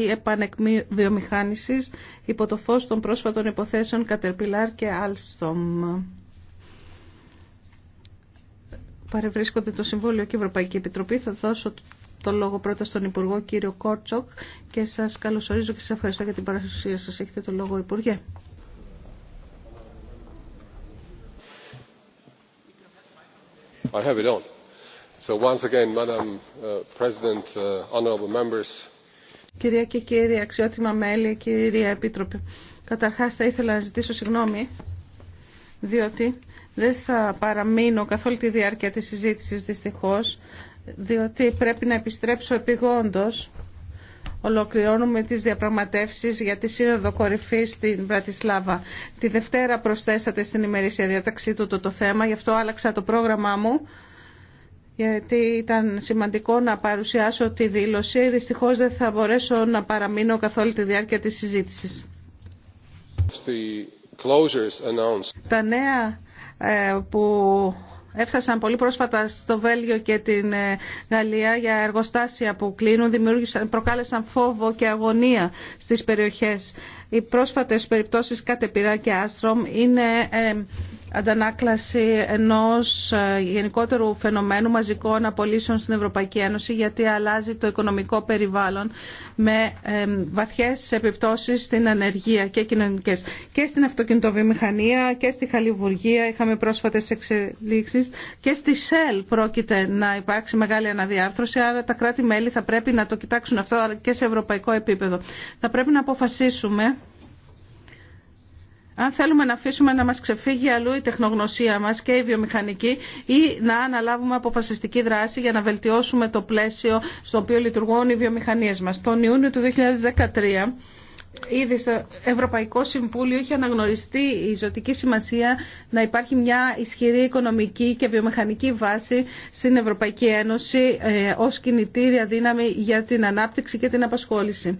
επανεκμή επανεκβιομηχάνησης υπό το φω των πρόσφατων υποθέσεων Κατερπιλάρ και Άλστομ. Παρευρίσκονται το Συμβούλιο και η Ευρωπαϊκή Επιτροπή. Θα δώσω το λόγο πρώτα στον Υπουργό κύριο Κόρτσοκ και σας καλωσορίζω και σας ευχαριστώ για την παρουσία σας. Έχετε το λόγο Υπουργέ. I So once again, Madam uh, President, uh, honorable members, Κυρία και κύριοι, αξιότιμα μέλη, κυρία Επίτροπε. Καταρχάς θα ήθελα να ζητήσω συγγνώμη, διότι δεν θα παραμείνω καθ' όλη τη διάρκεια της συζήτησης δυστυχώς, διότι πρέπει να επιστρέψω επιγόντως. Ολοκληρώνουμε τις διαπραγματεύσεις για τη Σύνοδο Κορυφή στην Βρατισλάβα. Τη Δευτέρα προσθέσατε στην ημερήσια διαταξή του το, το θέμα, γι' αυτό άλλαξα το πρόγραμμά μου γιατί ήταν σημαντικό να παρουσιάσω τη δήλωση. Δυστυχώς δεν θα μπορέσω να παραμείνω καθ' όλη τη διάρκεια της συζήτησης. Τα νέα ε, που έφτασαν πολύ πρόσφατα στο Βέλγιο και την ε, Γαλλία για εργοστάσια που κλείνουν, δημιούργησαν, προκάλεσαν φόβο και αγωνία στις περιοχές. Οι πρόσφατες περιπτώσεις Κατεπυρά και άστρομ είναι ε, αντανάκλαση ενός ε, γενικότερου φαινομένου μαζικών απολύσεων στην Ευρωπαϊκή Ένωση γιατί αλλάζει το οικονομικό περιβάλλον με βαθιές επιπτώσεις στην ανεργία και κοινωνικές. Και στην αυτοκινητοβιομηχανία και στη χαλιβουργία είχαμε πρόσφατες εξελίξεις και στη ΣΕΛ πρόκειται να υπάρξει μεγάλη αναδιάρθρωση άρα τα κράτη-μέλη θα πρέπει να το κοιτάξουν αυτό και σε ευρωπαϊκό επίπεδο. Θα πρέπει να αποφασίσουμε αν θέλουμε να αφήσουμε να μας ξεφύγει αλλού η τεχνογνωσία μας και η βιομηχανική ή να αναλάβουμε αποφασιστική δράση για να βελτιώσουμε το πλαίσιο στο οποίο λειτουργούν οι βιομηχανίες μας. Τον Ιούνιο του 2013 Ήδη στο Ευρωπαϊκό Συμβούλιο είχε αναγνωριστεί η ζωτική σημασία να υπάρχει μια ισχυρή οικονομική και βιομηχανική βάση στην Ευρωπαϊκή Ένωση ε, ως κινητήρια δύναμη για την ανάπτυξη και την απασχόληση.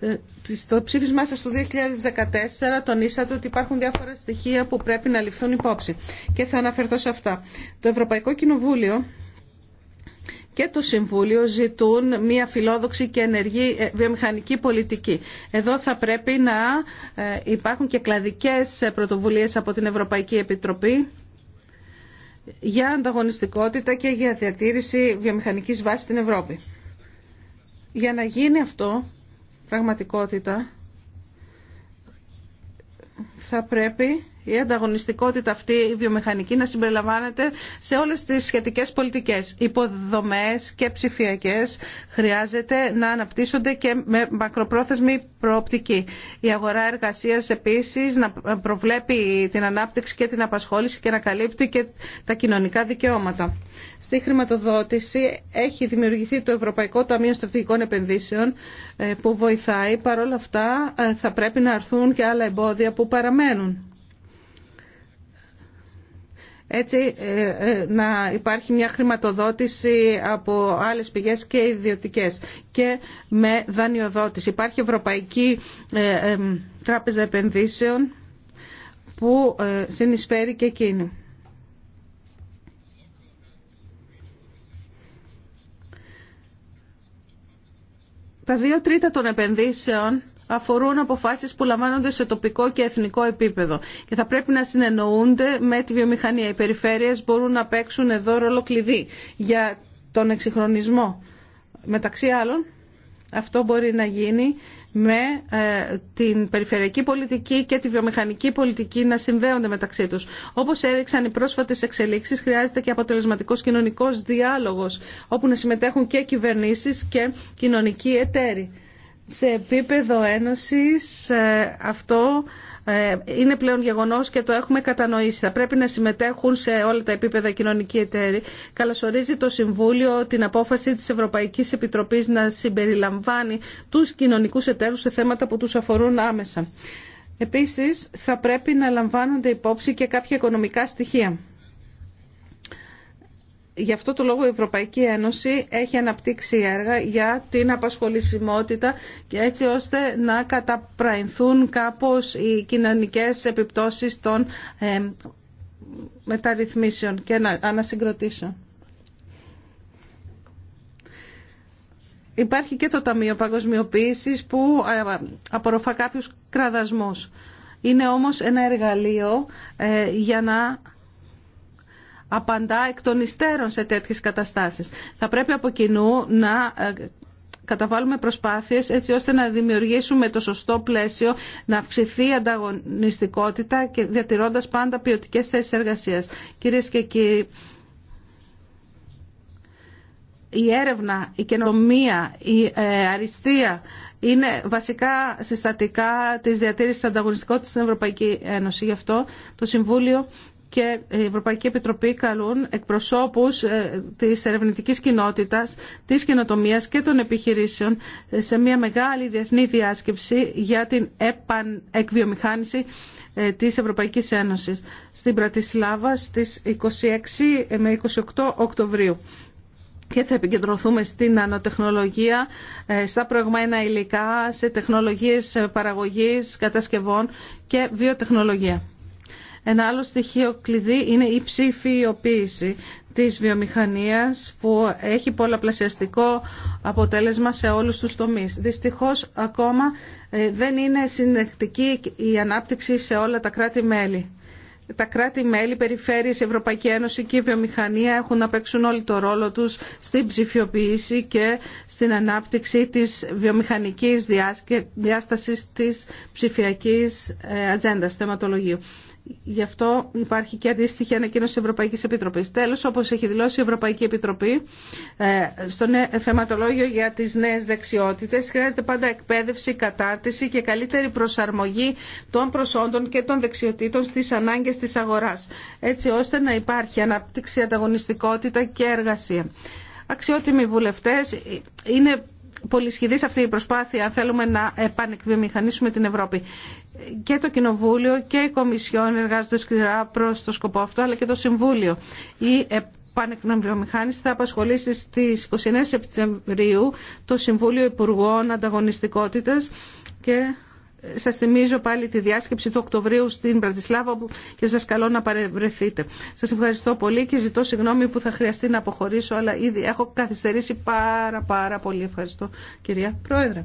Ε, στο ψήφισμά σας του 2014 τονίσατε ότι υπάρχουν διάφορα στοιχεία που πρέπει να ληφθούν υπόψη και θα αναφερθώ σε αυτά. Το Ευρωπαϊκό Κοινοβούλιο και το Συμβούλιο ζητούν μια φιλόδοξη και ενεργή ε, βιομηχανική πολιτική. Εδώ θα πρέπει να ε, υπάρχουν και κλαδικές πρωτοβουλίες από την Ευρωπαϊκή Επιτροπή για ανταγωνιστικότητα και για διατήρηση βιομηχανικής βάσης στην Ευρώπη. Για να γίνει αυτό πραγματικότητα θα πρέπει η ανταγωνιστικότητα αυτή η βιομηχανική να συμπεριλαμβάνεται σε όλες τις σχετικές πολιτικές. Υποδομές και ψηφιακές χρειάζεται να αναπτύσσονται και με μακροπρόθεσμη προοπτική. Η αγορά εργασίας επίσης να προβλέπει την ανάπτυξη και την απασχόληση και να καλύπτει και τα κοινωνικά δικαιώματα. Στη χρηματοδότηση έχει δημιουργηθεί το Ευρωπαϊκό Ταμείο Στρατηγικών Επενδύσεων ε, που βοηθάει. Παρ' όλα αυτά ε, θα πρέπει να αρθούν και άλλα εμπόδια που παραμένουν έτσι ε, ε, να υπάρχει μια χρηματοδότηση από άλλες πηγές και ιδιωτικές και με δανειοδότηση. Υπάρχει Ευρωπαϊκή ε, Τράπεζα Επενδύσεων που συνεισφέρει και εκείνη. Τα δύο τρίτα των επενδύσεων αφορούν αποφάσεις που λαμβάνονται σε τοπικό και εθνικό επίπεδο και θα πρέπει να συνεννοούνται με τη βιομηχανία. Οι περιφέρειες μπορούν να παίξουν εδώ ρόλο κλειδί για τον εξυγχρονισμό. Μεταξύ άλλων, αυτό μπορεί να γίνει με ε, την περιφερειακή πολιτική και τη βιομηχανική πολιτική να συνδέονται μεταξύ τους. Όπως έδειξαν οι πρόσφατες εξελίξεις, χρειάζεται και αποτελεσματικός κοινωνικός διάλογος, όπου να συμμετέχουν και κυβερνήσεις και κοινωνικοί εταίροι σε επίπεδο ένωσης ε, αυτό ε, είναι πλέον γεγονός και το έχουμε κατανοήσει. Θα πρέπει να συμμετέχουν σε όλα τα επίπεδα κοινωνικοί εταίροι. Καλωσορίζει το Συμβούλιο την απόφαση της Ευρωπαϊκής Επιτροπής να συμπεριλαμβάνει τους κοινωνικούς εταίρους σε θέματα που τους αφορούν άμεσα. Επίσης, θα πρέπει να λαμβάνονται υπόψη και κάποια οικονομικά στοιχεία. Γι' αυτό το λόγο η Ευρωπαϊκή Ένωση έχει αναπτύξει έργα για την απασχολησιμότητα και έτσι ώστε να καταπραϊνθούν κάπως οι κοινωνικές επιπτώσεις των μεταρρυθμίσεων και να ανασυγκροτήσεων. Υπάρχει και το Ταμείο Παγκοσμιοποίησης που απορροφά κάποιους κραδασμούς. Είναι όμως ένα εργαλείο ε, για να απαντά εκ των υστέρων σε τέτοιες καταστάσεις. Θα πρέπει από κοινού να ε, καταβάλουμε προσπάθειες έτσι ώστε να δημιουργήσουμε το σωστό πλαίσιο, να αυξηθεί η ανταγωνιστικότητα και διατηρώντας πάντα ποιοτικέ θέσεις εργασίας. Κυρίε και κύριοι, η έρευνα, η καινομία, η ε, αριστεία είναι βασικά συστατικά της διατήρησης της ανταγωνιστικότητας στην Ευρωπαϊκή Ένωση. Γι' αυτό το Συμβούλιο και η Ευρωπαϊκή Επιτροπή καλούν εκπροσώπους ε, της ερευνητικής κοινότητας, της καινοτομίας και των επιχειρήσεων σε μια μεγάλη διεθνή διάσκεψη για την επανεκβιομηχάνηση ε, της Ευρωπαϊκής Ένωσης στην Πρατισλάβα στις 26 με 28 Οκτωβρίου και θα επικεντρωθούμε στην ανατεχνολογία, ε, στα προηγμένα υλικά, σε τεχνολογίες παραγωγής, κατασκευών και βιοτεχνολογία. Ένα άλλο στοιχείο κλειδί είναι η ψηφιοποίηση της βιομηχανίας που έχει πολλαπλασιαστικό αποτέλεσμα σε όλους τους τομείς. Δυστυχώς ακόμα ε, δεν είναι συνεχτική η ανάπτυξη σε όλα τα κράτη-μέλη. Τα κράτη-μέλη, περιφέρειες, Ευρωπαϊκή Ένωση και η βιομηχανία έχουν να παίξουν όλοι το ρόλο τους στην ψηφιοποίηση και στην ανάπτυξη της βιομηχανικής διάστασης της ψηφιακής ε, ατζέντας θεματολογίου. Γι' αυτό υπάρχει και αντίστοιχη ανακοίνωση τη Ευρωπαϊκή Επιτροπή. Τέλο, όπω έχει δηλώσει η Ευρωπαϊκή Επιτροπή ε, στο θεματολόγιο για τι νέε δεξιότητε, χρειάζεται πάντα εκπαίδευση, κατάρτιση και καλύτερη προσαρμογή των προσόντων και των δεξιοτήτων στι ανάγκε τη αγορά. Έτσι ώστε να υπάρχει ανάπτυξη, ανταγωνιστικότητα και εργασία. Αξιότιμοι βουλευτέ, ε, είναι πολυσχηδή αυτή η προσπάθεια θέλουμε να επανεκβιομηχανίσουμε την Ευρώπη. Και το Κοινοβούλιο και η Κομισιόν εργάζονται σκληρά προς το σκοπό αυτό, αλλά και το Συμβούλιο. Η επανεκβιομηχάνηση θα απασχολήσει στις 29 Σεπτεμβρίου το Συμβούλιο Υπουργών Ανταγωνιστικότητας και σας θυμίζω πάλι τη διάσκεψη του Οκτωβρίου στην Πρατισλάβα και σας καλώ να παρευρεθείτε. Σας ευχαριστώ πολύ και ζητώ συγγνώμη που θα χρειαστεί να αποχωρήσω, αλλά ήδη έχω καθυστερήσει πάρα πάρα πολύ. Ευχαριστώ κυρία Πρόεδρε.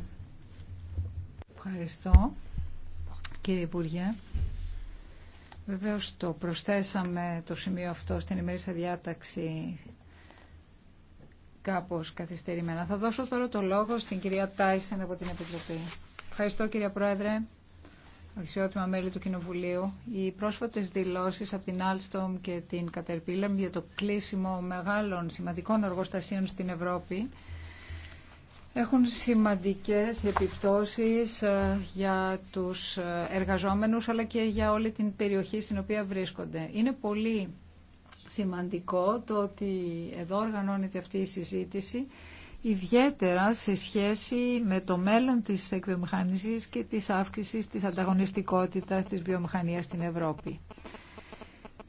Ευχαριστώ κύριε Υπουργέ. Βεβαίως το προσθέσαμε το σημείο αυτό στην ημερήσια διάταξη κάπως καθυστερημένα. Θα δώσω τώρα το λόγο στην κυρία Τάισεν από την Επιτροπή. Ευχαριστώ κύριε Πρόεδρε, αξιότιμα μέλη του Κοινοβουλίου. Οι πρόσφατες δηλώσεις από την Alstom και την Caterpillar για το κλείσιμο μεγάλων σημαντικών εργοστασίων στην Ευρώπη έχουν σημαντικές επιπτώσεις ε, για τους ε, εργαζόμενους αλλά και για όλη την περιοχή στην οποία βρίσκονται. Είναι πολύ σημαντικό το ότι εδώ οργανώνεται αυτή η συζήτηση ιδιαίτερα σε σχέση με το μέλλον της εκβιομηχανίας και της αύξησης της ανταγωνιστικότητας της βιομηχανίας στην Ευρώπη.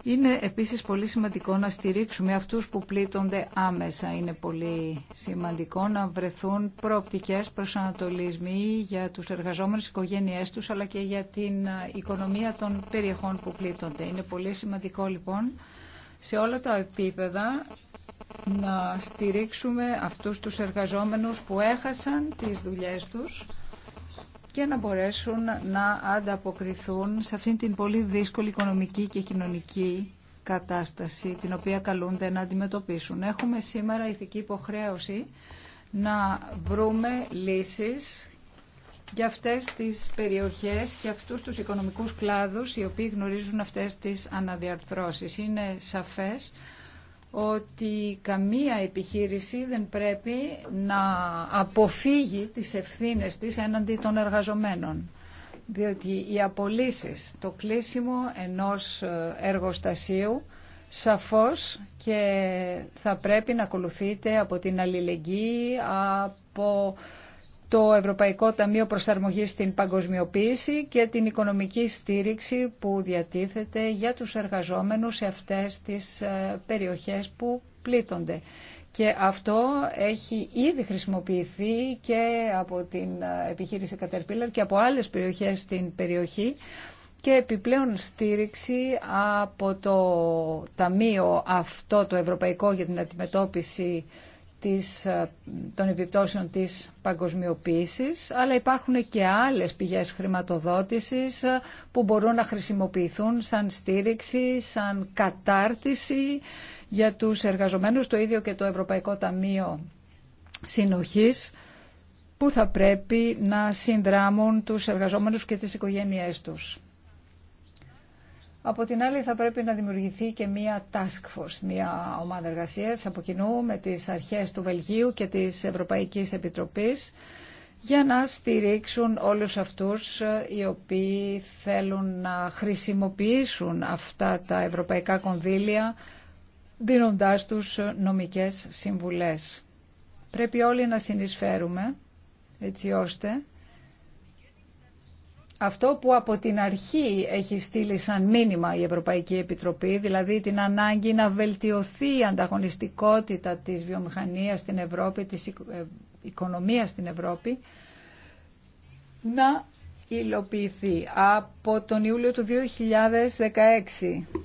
Είναι επίσης πολύ σημαντικό να στηρίξουμε αυτούς που πλήττονται άμεσα. Είναι πολύ σημαντικό να βρεθούν προοπτικές προσανατολισμοί για τους εργαζόμενους οικογένειές τους, αλλά και για την οικονομία των περιεχών που πλήττονται. Είναι πολύ σημαντικό λοιπόν σε όλα τα επίπεδα να στηρίξουμε αυτούς τους εργαζόμενους που έχασαν τις δουλειές τους και να μπορέσουν να ανταποκριθούν σε αυτήν την πολύ δύσκολη οικονομική και κοινωνική κατάσταση την οποία καλούνται να αντιμετωπίσουν. Έχουμε σήμερα ηθική υποχρέωση να βρούμε λύσεις για αυτές τις περιοχές και αυτούς τους οικονομικούς κλάδους οι οποίοι γνωρίζουν αυτές τις αναδιαρθρώσεις. Είναι σαφές ότι καμία επιχείρηση δεν πρέπει να αποφύγει τις ευθύνες της έναντι των εργαζομένων. Διότι οι απολύσεις, το κλείσιμο ενός ε, εργοστασίου σαφώς και θα πρέπει να ακολουθείται από την αλληλεγγύη, από το Ευρωπαϊκό Ταμείο Προσαρμογής στην Παγκοσμιοποίηση και την οικονομική στήριξη που διατίθεται για τους εργαζόμενους σε αυτές τις ε, περιοχές που πλήττονται. Και αυτό έχει ήδη χρησιμοποιηθεί και από την ε, επιχείρηση Caterpillar και από άλλες περιοχές στην περιοχή και επιπλέον στήριξη από το Ταμείο αυτό το Ευρωπαϊκό για την αντιμετώπιση της, ε, των επιπτώσεων της παγκοσμιοποίησης, αλλά υπάρχουν και άλλες πηγές χρηματοδότησης ε, που μπορούν να χρησιμοποιηθούν σαν στήριξη, σαν κατάρτιση για τους εργαζομένους, το ίδιο και το Ευρωπαϊκό Ταμείο Συνοχής, που θα πρέπει να συνδράμουν τους εργαζόμενους και τις οικογένειές τους. Από την άλλη θα πρέπει να δημιουργηθεί και μία task force, μία ομάδα εργασίας από κοινού με τις αρχές του Βελγίου και της Ευρωπαϊκής Επιτροπής για να στηρίξουν όλους αυτούς ε, οι οποίοι θέλουν να χρησιμοποιήσουν αυτά τα ευρωπαϊκά κονδύλια δίνοντάς τους νομικές συμβουλές. Πρέπει όλοι να συνεισφέρουμε έτσι ώστε αυτό που από την αρχή έχει στείλει σαν μήνυμα η Ευρωπαϊκή Επιτροπή, δηλαδή την ανάγκη να βελτιωθεί η ανταγωνιστικότητα της βιομηχανίας στην Ευρώπη, της ε, οικονομίας στην Ευρώπη, να υλοποιηθεί από τον Ιούλιο του 2016.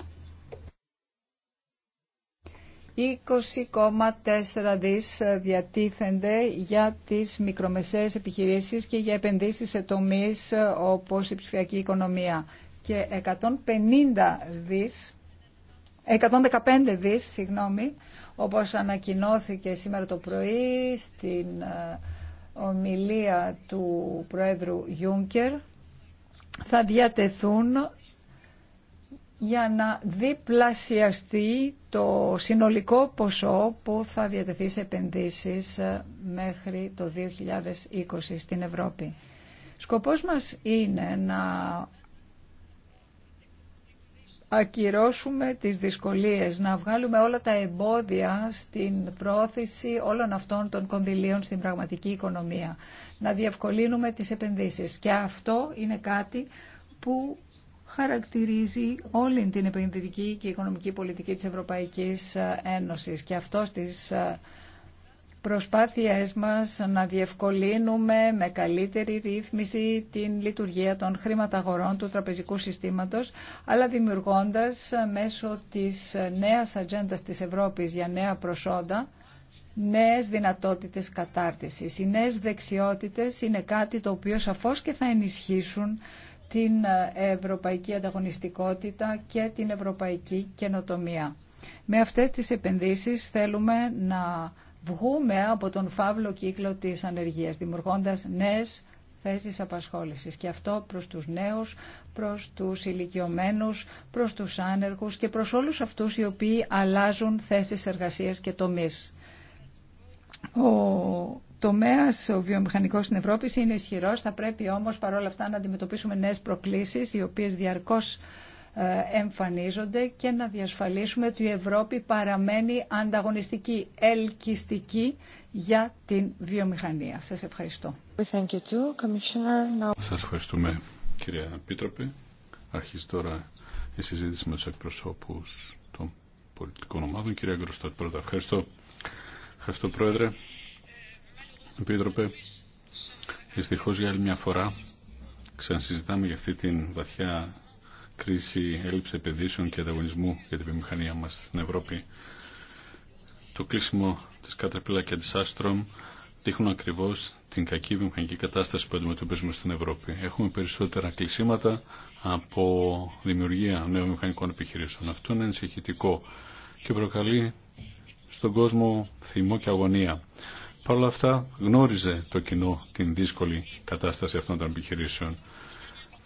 20,4 δις διατίθενται για τις μικρομεσαίες επιχειρήσεις και για επενδύσεις σε τομείς όπως η ψηφιακή οικονομία και 150 δις 115 δις, συγγνώμη, όπως ανακοινώθηκε σήμερα το πρωί στην ε, ομιλία του Προέδρου Γιούνκερ, θα διατεθούν για να διπλασιαστεί το συνολικό ποσό που θα διατεθεί σε επενδύσεις ε, μέχρι το 2020 στην Ευρώπη. Σκοπός μας είναι να ακυρώσουμε τις δυσκολίες, να βγάλουμε όλα τα εμπόδια στην πρόθεση όλων αυτών των κονδυλίων στην πραγματική οικονομία, να διευκολύνουμε τις επενδύσεις. Και αυτό είναι κάτι που χαρακτηρίζει όλη την επενδυτική και οικονομική πολιτική της Ευρωπαϊκής Ένωσης και αυτό στις προσπάθειές μας να διευκολύνουμε με καλύτερη ρύθμιση την λειτουργία των χρηματαγορών του τραπεζικού συστήματος, αλλά δημιουργώντας μέσω της νέας ατζέντα της Ευρώπης για νέα προσόντα νέες δυνατότητες κατάρτισης. Οι νέες δεξιότητες είναι κάτι το οποίο σαφώς και θα ενισχύσουν την ε, ευρωπαϊκή ανταγωνιστικότητα και την ευρωπαϊκή καινοτομία. Με αυτές τις επενδύσεις θέλουμε να βγούμε από τον φαύλο κύκλο της ανεργίας, δημιουργώντας νέες θέσεις απασχόλησης. Και αυτό προς τους νέους, προς τους ηλικιωμένους, προς τους άνεργους και προς όλους αυτούς οι οποίοι αλλάζουν θέσεις εργασίας και τομείς. Ο Τομέα ο βιομηχανικό στην Ευρώπη είναι ισχυρό. θα πρέπει όμω παρόλα αυτά να αντιμετωπίσουμε νέε προκλήσει, οι οποίε διαρκώ ε, εμφανίζονται και να διασφαλίσουμε ότι η Ευρώπη παραμένει ανταγωνιστική, ελκυστική για την βιομηχανία. Σας ευχαριστώ. Thank Σας ευχαριστούμε κυρία Πίτροπη. Αρχίζει τώρα η συζήτηση με τους εκπροσώπους των πολιτικών ομάδων. Κυρία Γκροστάτ, πρώτα ευχαριστώ. Ευχαριστώ Πρόεδρε. Επίτροπε, δυστυχώς για άλλη μια φορά ξανασυζητάμε για αυτή την βαθιά κρίση έλλειψη επενδύσεων και ανταγωνισμού για την βιομηχανία μας στην Ευρώπη. Το κλείσιμο της Κατρεπίλα και της Άστρομ δείχνουν ακριβώς την κακή βιομηχανική κατάσταση που αντιμετωπίζουμε στην Ευρώπη. Έχουμε περισσότερα κλεισίματα από δημιουργία νέων βιομηχανικών επιχειρήσεων. Αυτό είναι ενσυχητικό και προκαλεί στον κόσμο θυμό και αγωνία. Παρ' όλα αυτά γνώριζε το κοινό την δύσκολη κατάσταση αυτών των επιχειρήσεων.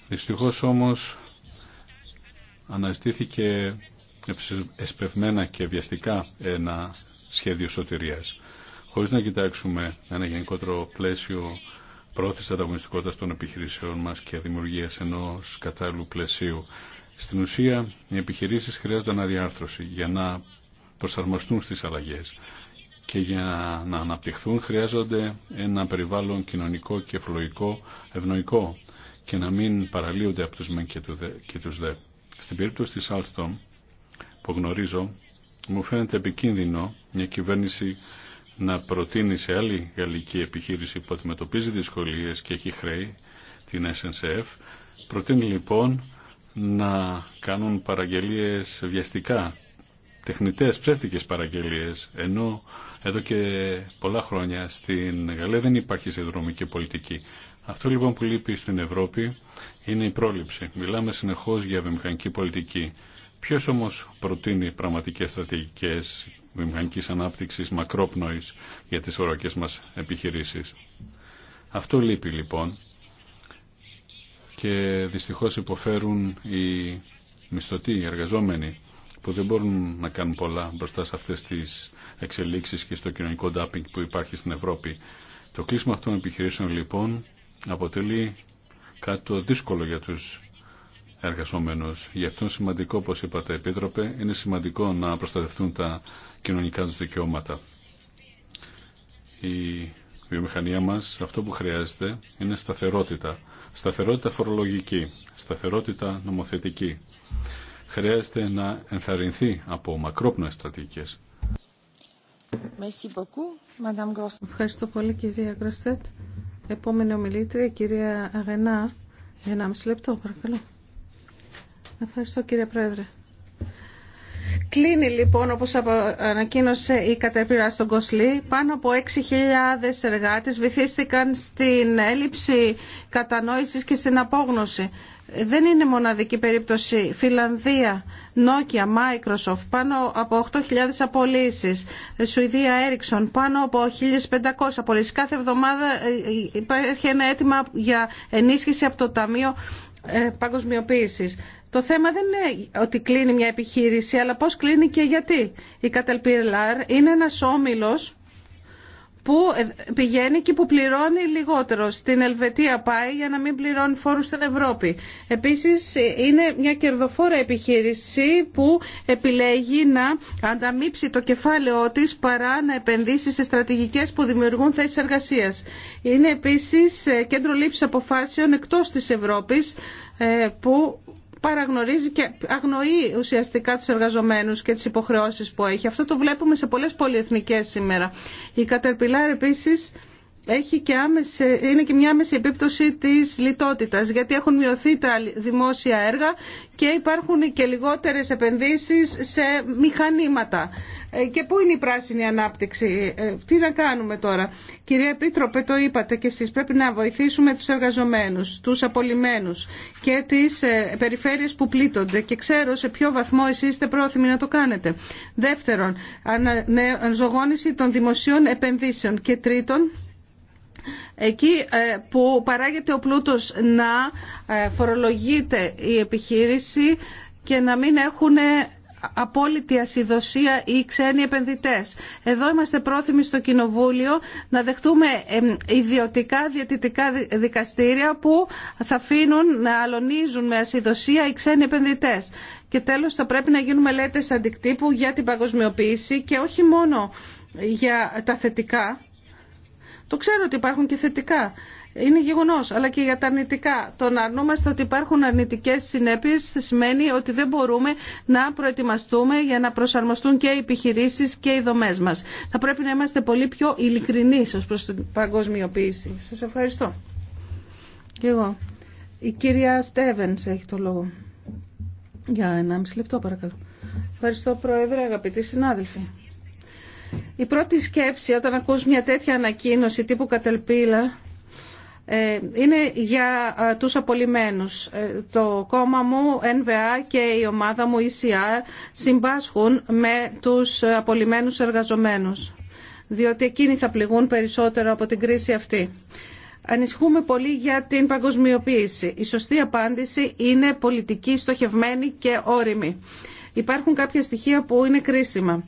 Δυστυχώς όμως αναστήθηκε εσπευμένα και βιαστικά ένα σχέδιο σωτηρίας. Χωρίς να κοιτάξουμε ένα γενικότερο πλαίσιο πρόθεση ανταγωνιστικότητας των επιχειρήσεων μας και δημιουργίας ενός κατάλληλου πλαισίου. Στην ουσία, οι επιχειρήσεις χρειάζονται αναδιάρθρωση για να προσαρμοστούν στις αλλαγές και για να αναπτυχθούν χρειάζονται ένα περιβάλλον κοινωνικό και φλοικό ευνοϊκό και να μην παραλύονται από τους μεν και τους δε. Στην περίπτωση της Alstom που γνωρίζω μου φαίνεται επικίνδυνο μια κυβέρνηση να προτείνει σε άλλη γαλλική επιχείρηση που αντιμετωπίζει δυσκολίες και έχει χρέη, την SNCF, προτείνει λοιπόν να κάνουν παραγγελίες βιαστικά, τεχνητές ψεύτικες παραγγελίες, ενώ εδώ και πολλά χρόνια στην Γαλλία δεν υπάρχει συνδρομική πολιτική. Αυτό λοιπόν που λείπει στην Ευρώπη είναι η πρόληψη. Μιλάμε συνεχώς για βιομηχανική πολιτική. Ποιος όμως προτείνει πραγματικές στρατηγικές βιομηχανικής ανάπτυξης μακρόπνοης για τις ευρωπαϊκές μας επιχειρήσεις. Αυτό λείπει λοιπόν και δυστυχώς υποφέρουν οι μισθωτοί, οι εργαζόμενοι που δεν μπορούν να κάνουν πολλά μπροστά σε αυτές τις εξελίξεις και στο κοινωνικό ντάπινγκ που υπάρχει στην Ευρώπη. Το κλείσμα αυτών των επιχειρήσεων λοιπόν αποτελεί κάτι το δύσκολο για τους εργαζόμενους. Γι' αυτό είναι σημαντικό, όπως είπατε Επίτροπε, είναι σημαντικό να προστατευτούν τα κοινωνικά τους δικαιώματα. Η βιομηχανία μας, αυτό που χρειάζεται είναι σταθερότητα. Σταθερότητα φορολογική, σταθερότητα νομοθετική χρειάζεται να ενθαρρυνθεί από μακρόπνοες στρατηγικές. Ευχαριστώ πολύ κυρία Γκροστέτ. Επόμενη ομιλήτρια, κυρία Αγενά, για ένα μισή λεπτό, παρακαλώ. Ευχαριστώ κύριε Πρόεδρε. Κλείνει λοιπόν, όπως ανακοίνωσε η κατέπειρα στον Κοσλή, πάνω από 6.000 εργάτες βυθίστηκαν στην έλλειψη κατανόησης και στην απόγνωση. Δεν είναι μοναδική περίπτωση. Φιλανδία, Nokia, Microsoft, πάνω από 8.000 απολύσεις. Σουηδία, Ericsson, πάνω από 1.500 απολύσεις. Κάθε εβδομάδα ε, υπάρχει ένα αίτημα για ενίσχυση από το Ταμείο ε, Παγκοσμιοποίησης. Το θέμα δεν είναι ότι κλείνει μια επιχείρηση, αλλά πώς κλείνει και γιατί. Η Καταλπιρλάρ είναι ένας όμιλος που ε, πηγαίνει και που πληρώνει λιγότερο. Στην Ελβετία πάει για να μην πληρώνει φόρους στην Ευρώπη. Επίσης είναι μια κερδοφόρα επιχείρηση που επιλέγει να ανταμείψει το κεφάλαιό της παρά να επενδύσει σε στρατηγικές που δημιουργούν θέσεις εργασίας. Είναι επίσης ε, κέντρο λήψης αποφάσεων εκτός της Ευρώπης ε, που παραγνωρίζει και αγνοεί ουσιαστικά τους εργαζομένους και τις υποχρεώσεις που έχει. Αυτό το βλέπουμε σε πολλές πολυεθνικές σήμερα. Η Caterpillar επίσης έχει και άμεση, είναι και μια άμεση επίπτωση της λιτότητας γιατί έχουν μειωθεί τα δημόσια έργα και υπάρχουν και λιγότερες επενδύσεις σε μηχανήματα. Ε, και πού είναι η πράσινη ανάπτυξη, ε, τι να κάνουμε τώρα. Κυρία Επίτροπε, το είπατε και εσείς, πρέπει να βοηθήσουμε τους εργαζομένους, τους απολυμμένους και τις ε, περιφέρειες που πλήττονται και ξέρω σε ποιο βαθμό εσείς είστε πρόθυμοι να το κάνετε. Δεύτερον, αναζωγόνηση των δημοσίων επενδύσεων και τρίτον, εκεί ε, που παράγεται ο πλούτος να ε, φορολογείται η επιχείρηση και να μην έχουν ε, απόλυτη ασυδοσία οι ξένοι επενδυτές. Εδώ είμαστε πρόθυμοι στο Κοινοβούλιο να δεχτούμε ιδιωτικά διατητικά δικαστήρια που θα αφήνουν να αλωνίζουν με ασυδοσία οι ξένοι επενδυτές. Και τέλος θα πρέπει να γίνουν μελέτες αντικτύπου για την παγκοσμιοποίηση και όχι μόνο για τα θετικά το ξέρω ότι υπάρχουν και θετικά. Είναι γεγονό. Αλλά και για τα αρνητικά. Το να αρνούμαστε ότι υπάρχουν αρνητικέ συνέπειε σημαίνει ότι δεν μπορούμε να προετοιμαστούμε για να προσαρμοστούν και οι επιχειρήσει και οι δομέ μα. Θα πρέπει να είμαστε πολύ πιο ειλικρινεί ω προ την παγκοσμιοποίηση. Σα ευχαριστώ. Και εγώ. Η κυρία Στέβεν έχει το λόγο. Για μισή λεπτό παρακαλώ. Ευχαριστώ Πρόεδρε, αγαπητοί συνάδελφοι. Η πρώτη σκέψη όταν ακούς μια τέτοια ανακοίνωση τύπου κατελπίλα ε, είναι για ε, τους απολυμένους. Ε, το κόμμα μου, NVA και η ομάδα μου, ECR, συμπάσχουν με τους απολιμένους εργαζομένους, διότι εκείνοι θα πληγούν περισσότερο από την κρίση αυτή. Ανησυχούμε πολύ για την παγκοσμιοποίηση. Η σωστή απάντηση είναι πολιτική, στοχευμένη και όρημη. Υπάρχουν κάποια στοιχεία που είναι κρίσιμα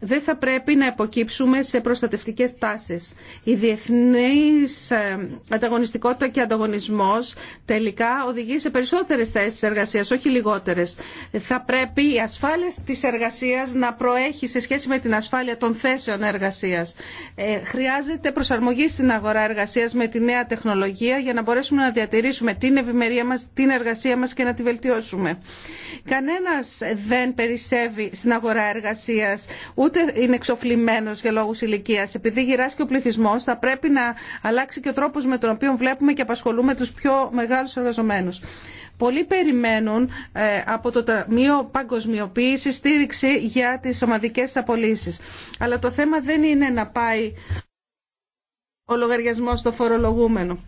δεν θα πρέπει να υποκύψουμε σε προστατευτικές τάσεις. Η διεθνής ε, ανταγωνιστικότητα και ανταγωνισμός τελικά οδηγεί σε περισσότερες θέσεις εργασίας, όχι λιγότερες. Θα πρέπει η ασφάλεια της εργασίας να προέχει σε σχέση με την ασφάλεια των θέσεων εργασίας. Ε, χρειάζεται προσαρμογή στην αγορά εργασίας με τη νέα τεχνολογία για να μπορέσουμε να διατηρήσουμε την ευημερία μας, την εργασία μας και να τη βελτιώσουμε. Κανένας δεν περισσεύει στην αγορά εργασίας, ούτε είναι εξοφλημένο για λόγου ηλικία. Επειδή γυράσει και ο πληθυσμό, θα πρέπει να αλλάξει και ο τρόπο με τον οποίο βλέπουμε και απασχολούμε του πιο μεγάλου εργαζομένου. Πολλοί περιμένουν ε, από το Ταμείο Παγκοσμιοποίηση στήριξη για τι ομαδικέ απολύσει. Αλλά το θέμα δεν είναι να πάει ο λογαριασμό στο φορολογούμενο.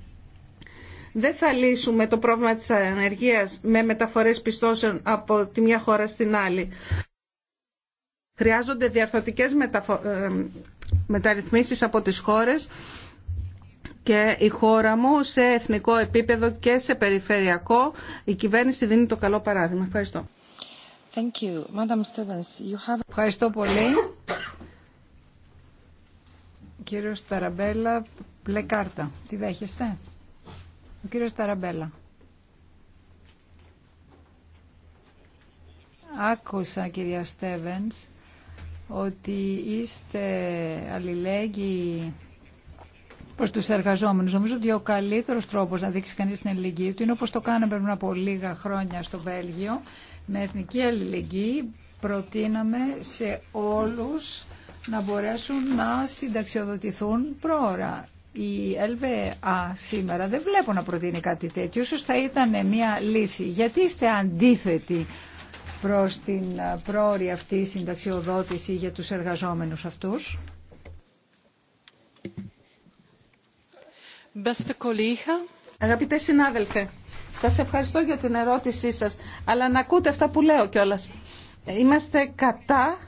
Δεν θα λύσουμε το πρόβλημα της ανεργίας με μεταφορές πιστώσεων από τη μια χώρα στην άλλη. Χρειάζονται διαρθωτικές μεταφο... Ε, μεταρρυθμίσεις από τις χώρες και η χώρα μου σε εθνικό επίπεδο και σε περιφερειακό η κυβέρνηση δίνει το καλό παράδειγμα. Ευχαριστώ. Thank you. Madam Stevens, Ευχαριστώ πολύ. Κύριος Ταραμπέλα, μπλε κάρτα. Τι δέχεστε. Ο κύριος Ταραμπέλα. Άκουσα κυρία Στέβενς ότι είστε αλληλέγγυοι προς τους εργαζόμενους. Νομίζω ότι ο καλύτερος τρόπος να δείξει κανείς την αλληλεγγύη του είναι όπως το κάναμε πριν από λίγα χρόνια στο Βέλγιο. Με εθνική αλληλεγγύη προτείναμε σε όλους να μπορέσουν να συνταξιοδοτηθούν πρόωρα. Η ΕΛΒΑ σήμερα δεν βλέπω να προτείνει κάτι τέτοιο. Ίσως θα ήταν μια λύση. Γιατί είστε αντίθετοι προς την ε, πρόορη αυτή συνταξιοδότηση για τους εργαζόμενους αυτούς. Αγαπητέ συνάδελφε, σας ευχαριστώ για την ερώτησή σας, αλλά να ακούτε αυτά που λέω κιόλας. Είμαστε κατά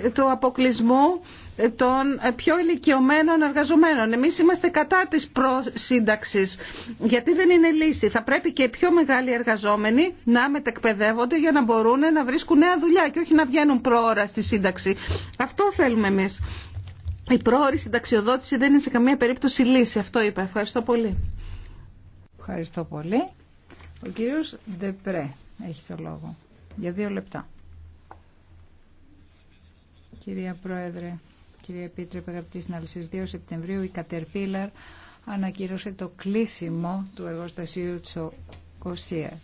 ε, του αποκλεισμού των ε, πιο ηλικιωμένων εργαζομένων. Εμείς είμαστε κατά της προσύνταξης, γιατί δεν είναι λύση. Θα πρέπει και οι πιο μεγάλοι εργαζόμενοι να μετεκπαιδεύονται για να μπορούν να βρίσκουν νέα δουλειά και όχι να βγαίνουν προώρα στη σύνταξη. Αυτό θέλουμε εμείς. Η προώρη συνταξιοδότηση δεν είναι σε καμία περίπτωση λύση. Αυτό είπα. Ευχαριστώ πολύ. Ευχαριστώ πολύ. Ο κύριος Ντεπρέ έχει το λόγο. Για δύο λεπτά. Κυρία Πρόεδρε, Κύριε Επίτρεπε, τις στι 2 Σεπτεμβρίου η Caterpillar ανακοίνωσε το κλείσιμο του εργοστασίου Τσοκοσία.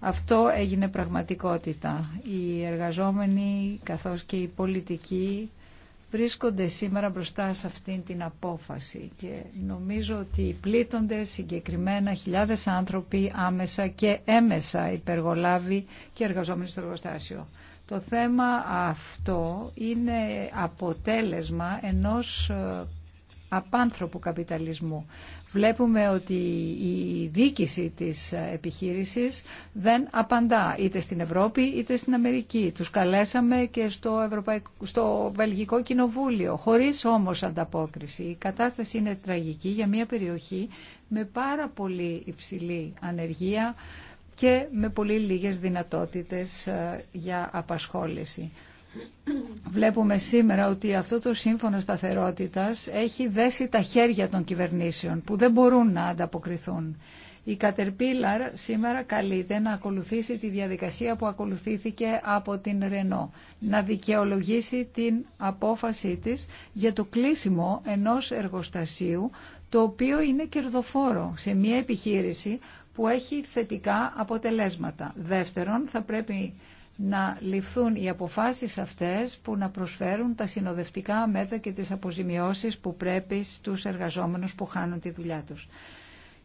Αυτό έγινε πραγματικότητα. Οι εργαζόμενοι καθώς και οι πολιτικοί βρίσκονται σήμερα μπροστά σε αυτήν την απόφαση και νομίζω ότι πλήττονται συγκεκριμένα χιλιάδες άνθρωποι άμεσα και έμεσα υπεργολάβοι και εργαζόμενοι στο εργοστάσιο. Το θέμα αυτό είναι αποτέλεσμα ενός ε, απάνθρωπου καπιταλισμού. Βλέπουμε ότι η δίκηση της ε, επιχείρησης δεν απαντά είτε στην Ευρώπη είτε στην Αμερική. Τους καλέσαμε και στο, στο Βελγικό Κοινοβούλιο, χωρίς όμως ανταπόκριση. Η κατάσταση είναι τραγική για μια περιοχή με πάρα πολύ υψηλή ανεργία, και με πολύ λίγες δυνατότητες ε, για απασχόληση. Βλέπουμε σήμερα ότι αυτό το σύμφωνο σταθερότητας έχει δέσει τα χέρια των κυβερνήσεων που δεν μπορούν να ανταποκριθούν. Η Caterpillar σήμερα καλείται να ακολουθήσει τη διαδικασία που ακολουθήθηκε από την Ρενό. να δικαιολογήσει την απόφασή της για το κλείσιμο ενός εργοστασίου το οποίο είναι κερδοφόρο σε μια επιχείρηση που έχει θετικά αποτελέσματα. Δεύτερον, θα πρέπει να ληφθούν οι αποφάσεις αυτές που να προσφέρουν τα συνοδευτικά μέτρα και τις αποζημιώσεις που πρέπει στους εργαζόμενους που χάνουν τη δουλειά τους.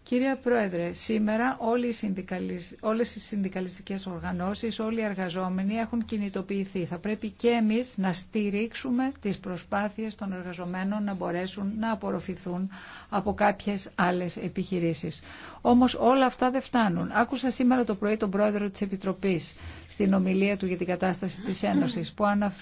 Κύριε Πρόεδρε, σήμερα όλοι οι συνδικαλισ... όλες οι συνδικαλιστικές οργανώσεις, όλοι οι εργαζόμενοι έχουν κινητοποιηθεί. Θα πρέπει και εμείς να στηρίξουμε τις προσπάθειες των εργαζομένων να μπορέσουν να απορροφηθούν από κάποιες άλλες επιχειρήσεις. Όμως όλα αυτά δεν φτάνουν. Άκουσα σήμερα το πρωί τον πρόεδρο της Επιτροπής στην ομιλία του για την κατάσταση της Ένωσης που αναφ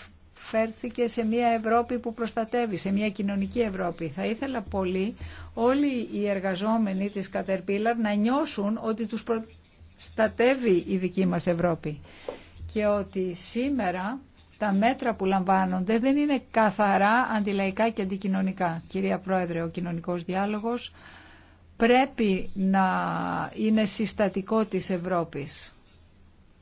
φέρθηκε σε μια Ευρώπη που προστατεύει, σε μια κοινωνική Ευρώπη. Θα ήθελα πολύ όλοι οι εργαζόμενοι της Κατερπίλαρ να νιώσουν ότι τους προστατεύει η δική μας Ευρώπη και ότι σήμερα τα μέτρα που λαμβάνονται δεν είναι καθαρά αντιλαϊκά και αντικοινωνικά. Κυρία Πρόεδρε, ο κοινωνικός διάλογος πρέπει να είναι συστατικό της Ευρώπης.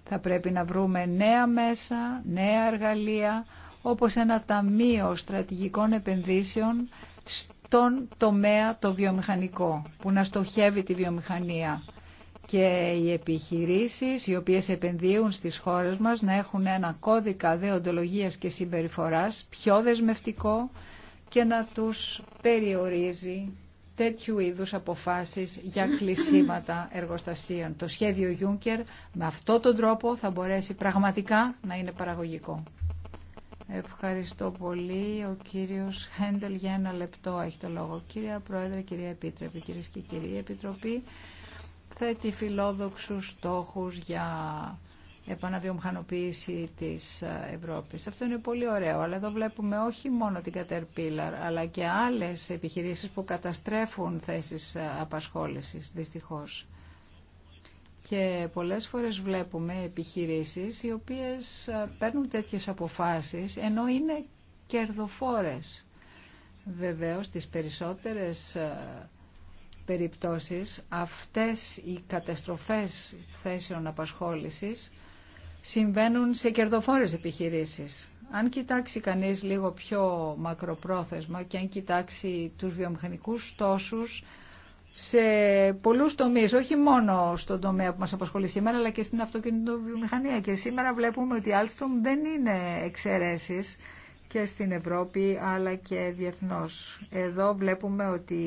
Θα πρέπει να βρούμε νέα μέσα, νέα εργαλεία, όπως ένα ταμείο στρατηγικών επενδύσεων στον τομέα το βιομηχανικό, που να στοχεύει τη βιομηχανία και οι επιχειρήσεις οι οποίες επενδύουν στις χώρες μας να έχουν ένα κώδικα δεοντολογίας και συμπεριφοράς πιο δεσμευτικό και να τους περιορίζει τέτοιου είδους αποφάσεις για κλεισίματα εργοστασίων. Το σχέδιο Juncker με αυτόν τον τρόπο θα μπορέσει πραγματικά να είναι παραγωγικό. Ευχαριστώ πολύ. Ο κύριος Χέντελ για ένα λεπτό έχει το λόγο. Κυρία Πρόεδρε, κυρία Επίτρεπε, κυρίε και κύριοι, Επιτροπή θέτει φιλόδοξους στόχους για επαναβιομηχανοποίηση της ε, Ευρώπης. Αυτό είναι πολύ ωραίο, αλλά εδώ βλέπουμε όχι μόνο την Caterpillar, αλλά και άλλες επιχειρήσεις που καταστρέφουν θέσεις ε, απασχόλησης, δυστυχώς. Και πολλές φορές βλέπουμε επιχειρήσεις οι οποίες ε, παίρνουν τέτοιες αποφάσεις ενώ είναι κερδοφόρες. Βεβαίως, στις περισσότερες ε, περιπτώσεις αυτές οι καταστροφές θέσεων απασχόλησης συμβαίνουν σε κερδοφόρες επιχειρήσεις. Αν κοιτάξει κανείς λίγο πιο μακροπρόθεσμα και αν κοιτάξει τους βιομηχανικούς τόσους σε πολλούς τομείς, όχι μόνο στον τομέα που μας απασχολεί σήμερα, αλλά και στην αυτοκινητοβιομηχανία. Και σήμερα βλέπουμε ότι η Alstom δεν είναι εξαιρέσει και στην Ευρώπη, αλλά και διεθνώς. Εδώ βλέπουμε ότι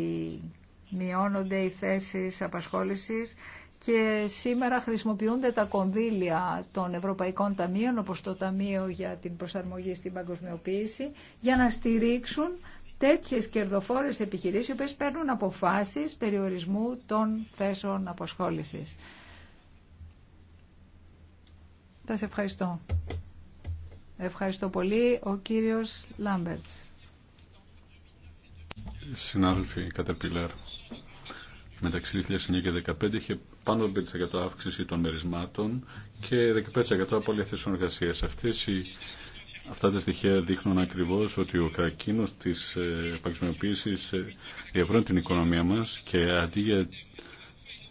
μειώνονται οι θέσεις απασχόλησης και σήμερα χρησιμοποιούνται τα κονδύλια των Ευρωπαϊκών Ταμείων, όπως το Ταμείο για την Προσαρμογή στην Παγκοσμιοποίηση, για να στηρίξουν τέτοιες κερδοφόρες επιχειρήσεις οι οποίες παίρνουν αποφάσεις περιορισμού των θέσεων αποσχόλησης. Θα σε ευχαριστώ. Ευχαριστώ πολύ. Ο κύριος Λάμπερτς. Συνάδελφοι πιλέρ, μεταξύ 2009 και 2015 είχε πάνω από 5% αύξηση των μερισμάτων και 15% απόλυτη θέσεων εργασία. Αυτές οι Αυτά τα στοιχεία δείχνουν ακριβώς ότι ο καρκίνος της ε, παγκοσμιοποίησης ε, διαβρώνει την οικονομία μας και αντί για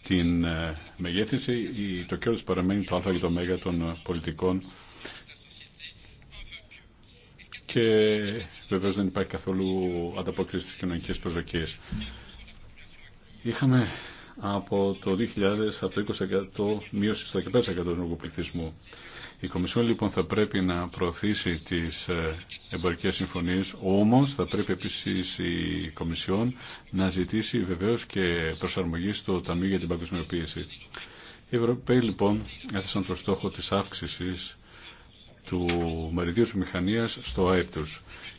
την ε, μεγέθυνση το κέρδος παραμένει το α και το μέγα των πολιτικών και βεβαίως δεν υπάρχει καθόλου ανταπόκριση στις κοινωνικές προσδοκίες. Είχαμε από το 2000 από το 20% μείωση στο 15% του πληθυσμού. Η Κομισιόν λοιπόν θα πρέπει να προωθήσει τις ε, εμπορικές συμφωνίες, όμως θα πρέπει επίσης η Κομισιόν να ζητήσει βεβαίως και προσαρμογή στο Ταμείο για την Παγκοσμιοποίηση. Οι Ευρωπαίοι λοιπόν έθεσαν το στόχο της αύξησης του μεριδίου της μηχανίας στο ΑΕΠ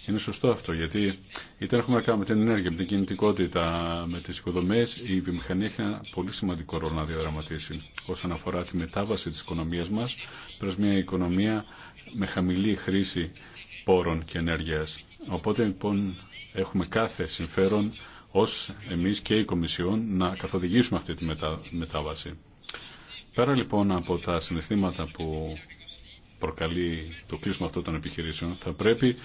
είναι σωστό αυτό, γιατί είτε έχουμε να κάνουμε την ενέργεια, με την κινητικότητα, με τι οικοδομέ, η βιομηχανία έχει ένα πολύ σημαντικό ρόλο να διαδραματίσει όσον αφορά τη μετάβαση τη οικονομία μα προ μια οικονομία με χαμηλή χρήση πόρων και ενέργεια. Οπότε λοιπόν έχουμε κάθε συμφέρον ως εμείς και η Κομισιόν να καθοδηγήσουμε αυτή τη μετάβαση. Πέρα λοιπόν από τα συναισθήματα που προκαλεί το κλείσμα αυτών των επιχειρήσεων, θα πρέπει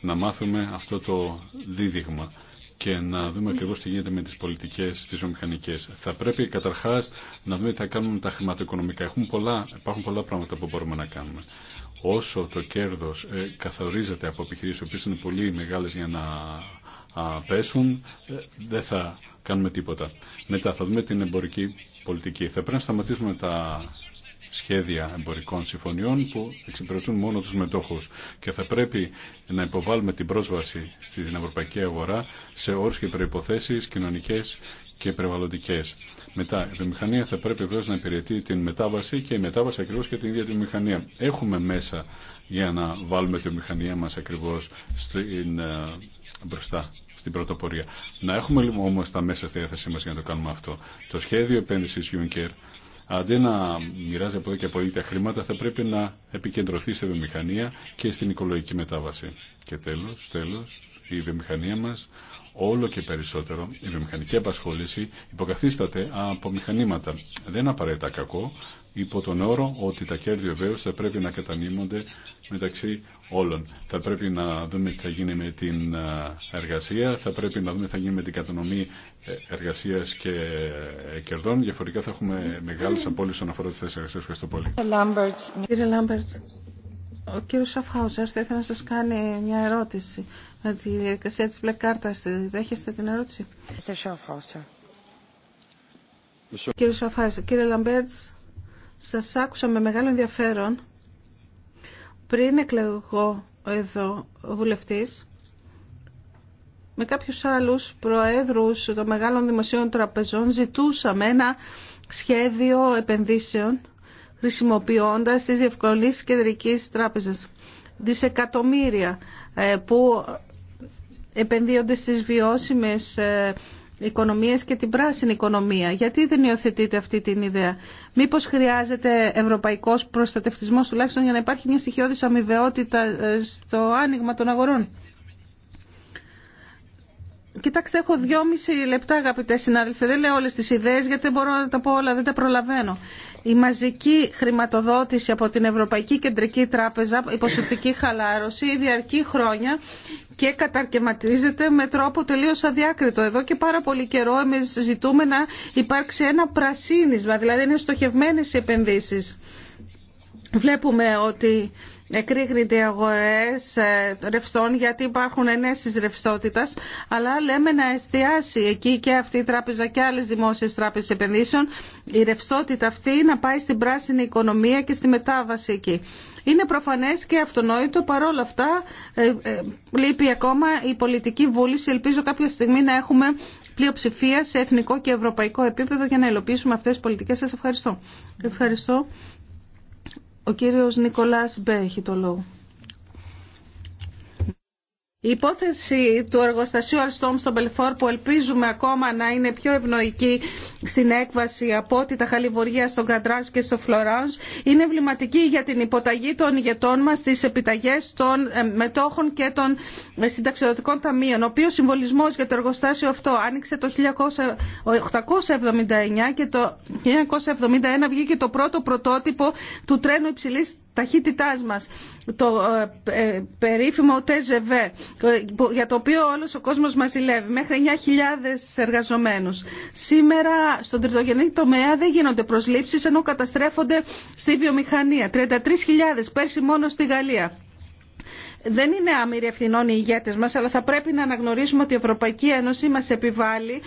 να μάθουμε αυτό το δίδυγμα και να δούμε ακριβώ τι γίνεται με τι πολιτικέ, τι βιομηχανικέ. Θα πρέπει καταρχά να δούμε τι θα κάνουμε με τα χρηματοοικονομικά. Έχουν πολλά, υπάρχουν πολλά πράγματα που μπορούμε να κάνουμε. Όσο το κέρδο ε, καθορίζεται από επιχειρήσει, οι οποίε είναι πολύ μεγάλε για να α, πέσουν, ε, δεν θα κάνουμε τίποτα. Μετά θα δούμε την εμπορική πολιτική. Θα πρέπει να σταματήσουμε τα σχέδια εμπορικών συμφωνιών που εξυπηρετούν μόνο τους μετόχους και θα πρέπει να υποβάλουμε την πρόσβαση στην ευρωπαϊκή αγορά σε όρους και προϋποθέσεις κοινωνικές και περιβαλλοντικέ. Μετά, η βιομηχανία θα πρέπει βέβαια να υπηρετεί την μετάβαση και η μετάβαση ακριβώ και την ίδια τη μηχανία. Έχουμε μέσα για να βάλουμε τη μηχανία μα ακριβώ στην, ε, μπροστά στην πρωτοπορία. Να έχουμε λοιπόν, όμω τα μέσα στη διάθεσή μα για να το κάνουμε αυτό. Το σχέδιο επένδυση Juncker αντί να μοιράζει από εδώ και από εκεί τα χρήματα, θα πρέπει να επικεντρωθεί στη βιομηχανία και στην οικολογική μετάβαση. Και τέλος, τέλος, η βιομηχανία μας όλο και περισσότερο η βιομηχανική απασχόληση υποκαθίσταται από μηχανήματα. Δεν απαραίτητα κακό, υπό τον όρο ότι τα κέρδη βεβαίω θα πρέπει να κατανείμονται μεταξύ όλων. Θα πρέπει να δούμε τι θα γίνει με την ε, εργασία, θα πρέπει να δούμε τι θα γίνει με την κατανομή ε, εργασία και ε, κερδών. Διαφορετικά θα έχουμε μεγάλε απώλειε όσον αφορά τι θέσει εργασία. Ευχαριστώ πολύ. Κύριε Λάμπερτ, ο κύριο Σαφχάουζερ θα ήθελα να σα κάνει μια ερώτηση. Με τη διαδικασία τη μπλε κάρτα, δέχεστε την ερώτηση. Κύριε Σαφχάουζερ, κύριε Λαμπέρτ, σα άκουσα με μεγάλο ενδιαφέρον πριν εκλεγώ εδώ βουλευτής, με κάποιους άλλους προέδρους των μεγάλων δημοσίων τραπεζών ζητούσαμε ένα σχέδιο επενδύσεων χρησιμοποιώντας τις διευκολύνσεις κεντρικής τράπεζας. Δισεκατομμύρια ε, που επενδύονται στις βιώσιμες ε, οικονομίες και την πράσινη οικονομία. Γιατί δεν υιοθετείτε αυτή την ιδέα. Μήπως χρειάζεται ευρωπαϊκός προστατευτισμός τουλάχιστον για να υπάρχει μια στοιχειώδης αμοιβαιότητα ε, στο άνοιγμα των αγορών. Κοιτάξτε, έχω δυόμιση λεπτά, αγαπητέ συνάδελφοι. Δεν λέω όλε τι ιδέε, γιατί δεν μπορώ να τα πω όλα, δεν τα προλαβαίνω η μαζική χρηματοδότηση από την Ευρωπαϊκή Κεντρική Τράπεζα, ποσοτική χαλάρωση, διαρκεί χρόνια και καταρκεματίζεται με τρόπο τελείως αδιάκριτο. Εδώ και πάρα πολύ καιρό εμείς ζητούμε να υπάρξει ένα πρασίνισμα, δηλαδή είναι στοχευμένες οι επενδύσεις. Βλέπουμε ότι εκρήγνεται αγορέ αγορές ε, ρευστών γιατί υπάρχουν ενέσει ρευστότητα, αλλά λέμε να εστιάσει εκεί και αυτή η τράπεζα και άλλε δημόσιε τράπεζε επενδύσεων η ρευστότητα αυτή να πάει στην πράσινη οικονομία και στη μετάβαση εκεί. Είναι προφανές και αυτονόητο, παρόλα αυτά ε, ε, λείπει ακόμα η πολιτική βούληση. Ελπίζω κάποια στιγμή να έχουμε πλειοψηφία σε εθνικό και ευρωπαϊκό επίπεδο για να υλοποιήσουμε αυτές τις πολιτικές. Σας ευχαριστώ. Ευχαριστώ. Ο κύριος Νικολάς Μπέ έχει το λόγο. Η υπόθεση του εργοστασίου Alstom στον Πελφόρ που ελπίζουμε ακόμα να είναι πιο ευνοϊκή στην έκβαση από ό,τι τα χαλιβουργία στον Καντράνς και στο Φλωράνς είναι εμβληματική για την υποταγή των ηγετών μας στις επιταγές των ε, μετόχων και των ε, συνταξιδοτικών ταμείων. Ο οποίος συμβολισμός για το εργοστάσιο αυτό άνοιξε το 1879 και το 1971 βγήκε το πρώτο πρωτότυπο του τρένου υψηλής ταχύτητάς μας το ε, ε, περίφημο ΤΖΒ, για το οποίο όλος ο κόσμος μαζιλεύει, μέχρι 9.000 εργαζομένους. Σήμερα στον τριτογενή τομέα δεν γίνονται προσλήψεις, ενώ καταστρέφονται στη βιομηχανία. 33.000 πέρσι μόνο στη Γαλλία. Δεν είναι άμυροι ευθυνών οι ηγέτες μα, αλλά θα πρέπει να αναγνωρίσουμε ότι η Ευρωπαϊκή Ένωση μας επιβάλλει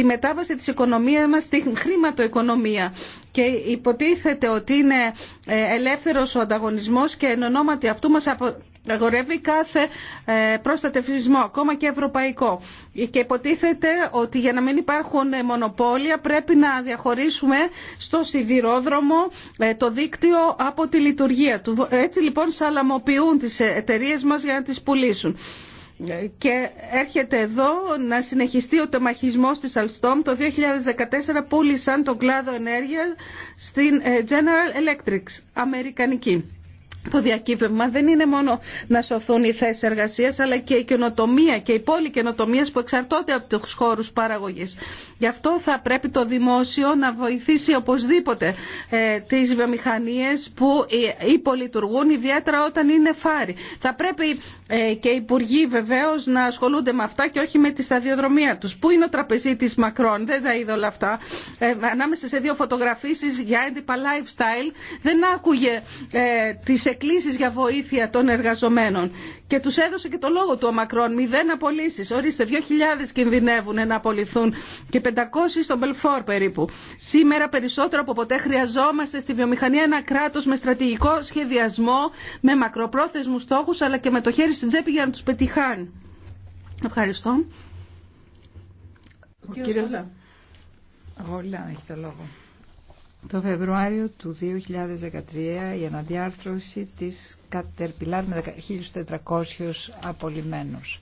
τη μετάβαση της οικονομίας μας στη χρηματοοικονομία. Και υποτίθεται ότι είναι ε, ελεύθερος ο ανταγωνισμός και εν ονόματι αυτού μας Αγορεύει κάθε ε, προστατευτισμό, ακόμα και ευρωπαϊκό. Και υποτίθεται ότι για να μην υπάρχουν ε, μονοπόλια πρέπει να διαχωρίσουμε στο σιδηρόδρομο το δίκτυο από τη λειτουργία του. Έτσι λοιπόν σαλαμοποιούν τις εταιρείε μας για να τις πουλήσουν και έρχεται εδώ να συνεχιστεί ο τεμαχισμός της Alstom. Το 2014 πούλησαν τον κλάδο ενέργεια στην ε, General Electric, αμερικανική. Το διακύβευμα δεν είναι μόνο να σωθούν οι θέσει εργασία, αλλά και η καινοτομία και η πόλη καινοτομία που εξαρτώνται από του χώρου παραγωγή. Γι' αυτό θα πρέπει το δημόσιο να βοηθήσει οπωσδήποτε τι ε, τις βιομηχανίες που ε, υπολειτουργούν ιδιαίτερα όταν είναι φάροι. Θα πρέπει ε, και οι υπουργοί βεβαίω να ασχολούνται με αυτά και όχι με τη σταδιοδρομία τους. Πού είναι ο τραπεζίτης Μακρόν, δεν τα είδα όλα αυτά. Ε, ανάμεσα σε δύο φωτογραφίσεις για έντυπα lifestyle δεν άκουγε ε, τις εκκλήσεις για βοήθεια των εργαζομένων. Και τους έδωσε και το λόγο του ο Μακρόν, μηδέν απολύσεις. Ορίστε, 2.000 κινδυνεύουν να απολυθούν 500 στο Μπελφόρ περίπου. Σήμερα περισσότερο από ποτέ χρειαζόμαστε στη βιομηχανία ένα κράτος με στρατηγικό σχεδιασμό, με μακροπρόθεσμους στόχου, αλλά και με το χέρι στην τσέπη για να τους πετυχάνει. Ευχαριστώ. Ο το λόγο. Το Φεβρουάριο του 2013 η αναδιάρθρωση της Κατερπιλάρ με 1.400 απολυμμένους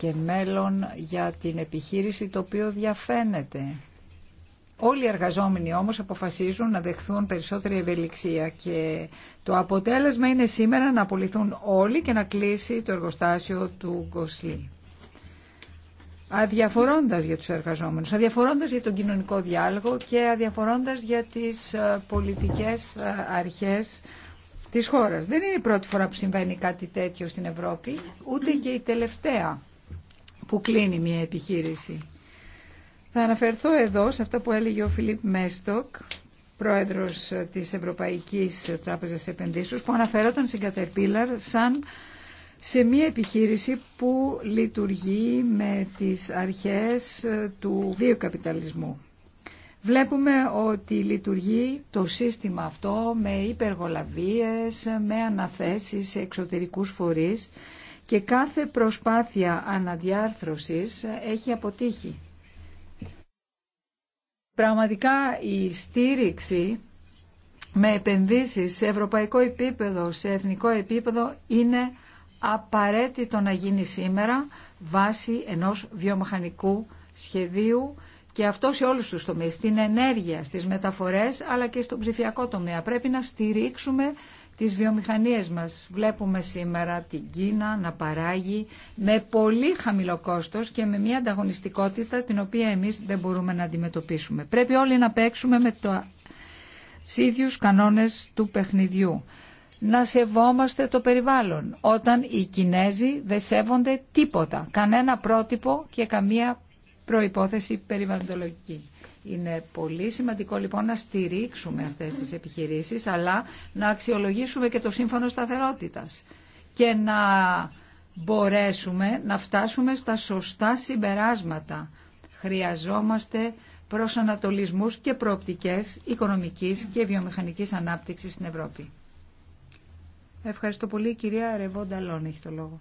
και μέλλον για την επιχείρηση το οποίο διαφαίνεται. Όλοι οι εργαζόμενοι όμως αποφασίζουν να δεχθούν περισσότερη ευελιξία και το αποτέλεσμα είναι σήμερα να απολυθούν όλοι και να κλείσει το εργοστάσιο του Γκοσλή. Αδιαφορώντας για τους εργαζόμενους, αδιαφορώντας για τον κοινωνικό διάλογο και αδιαφορώντας για τις ε, πολιτικές ε, αρχές της χώρας. Δεν είναι η πρώτη φορά που συμβαίνει κάτι τέτοιο στην Ευρώπη, ούτε και η τελευταία που κλείνει μια επιχείρηση. Θα αναφερθώ εδώ σε αυτά που έλεγε ο Φιλίπ Μέστοκ, πρόεδρος της Ευρωπαϊκής Τράπεζας Επενδύσεως, που αναφερόταν στην Κατερπίλαρ σαν σε μια επιχείρηση που λειτουργεί με τις αρχές του βιοκαπιταλισμού. Βλέπουμε ότι λειτουργεί το σύστημα αυτό με υπεργολαβίες, με αναθέσεις σε εξωτερικούς φορείς και κάθε προσπάθεια αναδιάρθρωσης έχει αποτύχει. Πραγματικά η στήριξη με επενδύσεις σε ευρωπαϊκό επίπεδο, σε εθνικό επίπεδο είναι απαραίτητο να γίνει σήμερα βάσει ενός βιομηχανικού σχεδίου και αυτό σε όλους τους τομείς, στην ενέργεια, στις μεταφορές αλλά και στον ψηφιακό τομέα. Πρέπει να στηρίξουμε τις βιομηχανίες μας. Βλέπουμε σήμερα την Κίνα να παράγει με πολύ χαμηλό κόστος και με μια ανταγωνιστικότητα την οποία εμείς δεν μπορούμε να αντιμετωπίσουμε. Πρέπει όλοι να παίξουμε με το ίδιους κανόνες του παιχνιδιού. Να σεβόμαστε το περιβάλλον όταν οι Κινέζοι δεν σέβονται τίποτα, κανένα πρότυπο και καμία προϋπόθεση περιβαλλοντολογική. Είναι πολύ σημαντικό λοιπόν να στηρίξουμε αυτές τις επιχειρήσεις, αλλά να αξιολογήσουμε και το σύμφωνο σταθερότητας και να μπορέσουμε να φτάσουμε στα σωστά συμπεράσματα. Χρειαζόμαστε προσανατολισμούς και προοπτικές οικονομικής και βιομηχανικής ανάπτυξης στην Ευρώπη. Ευχαριστώ πολύ. Κυρία Ρεβόντα Λόν έχει το λόγο.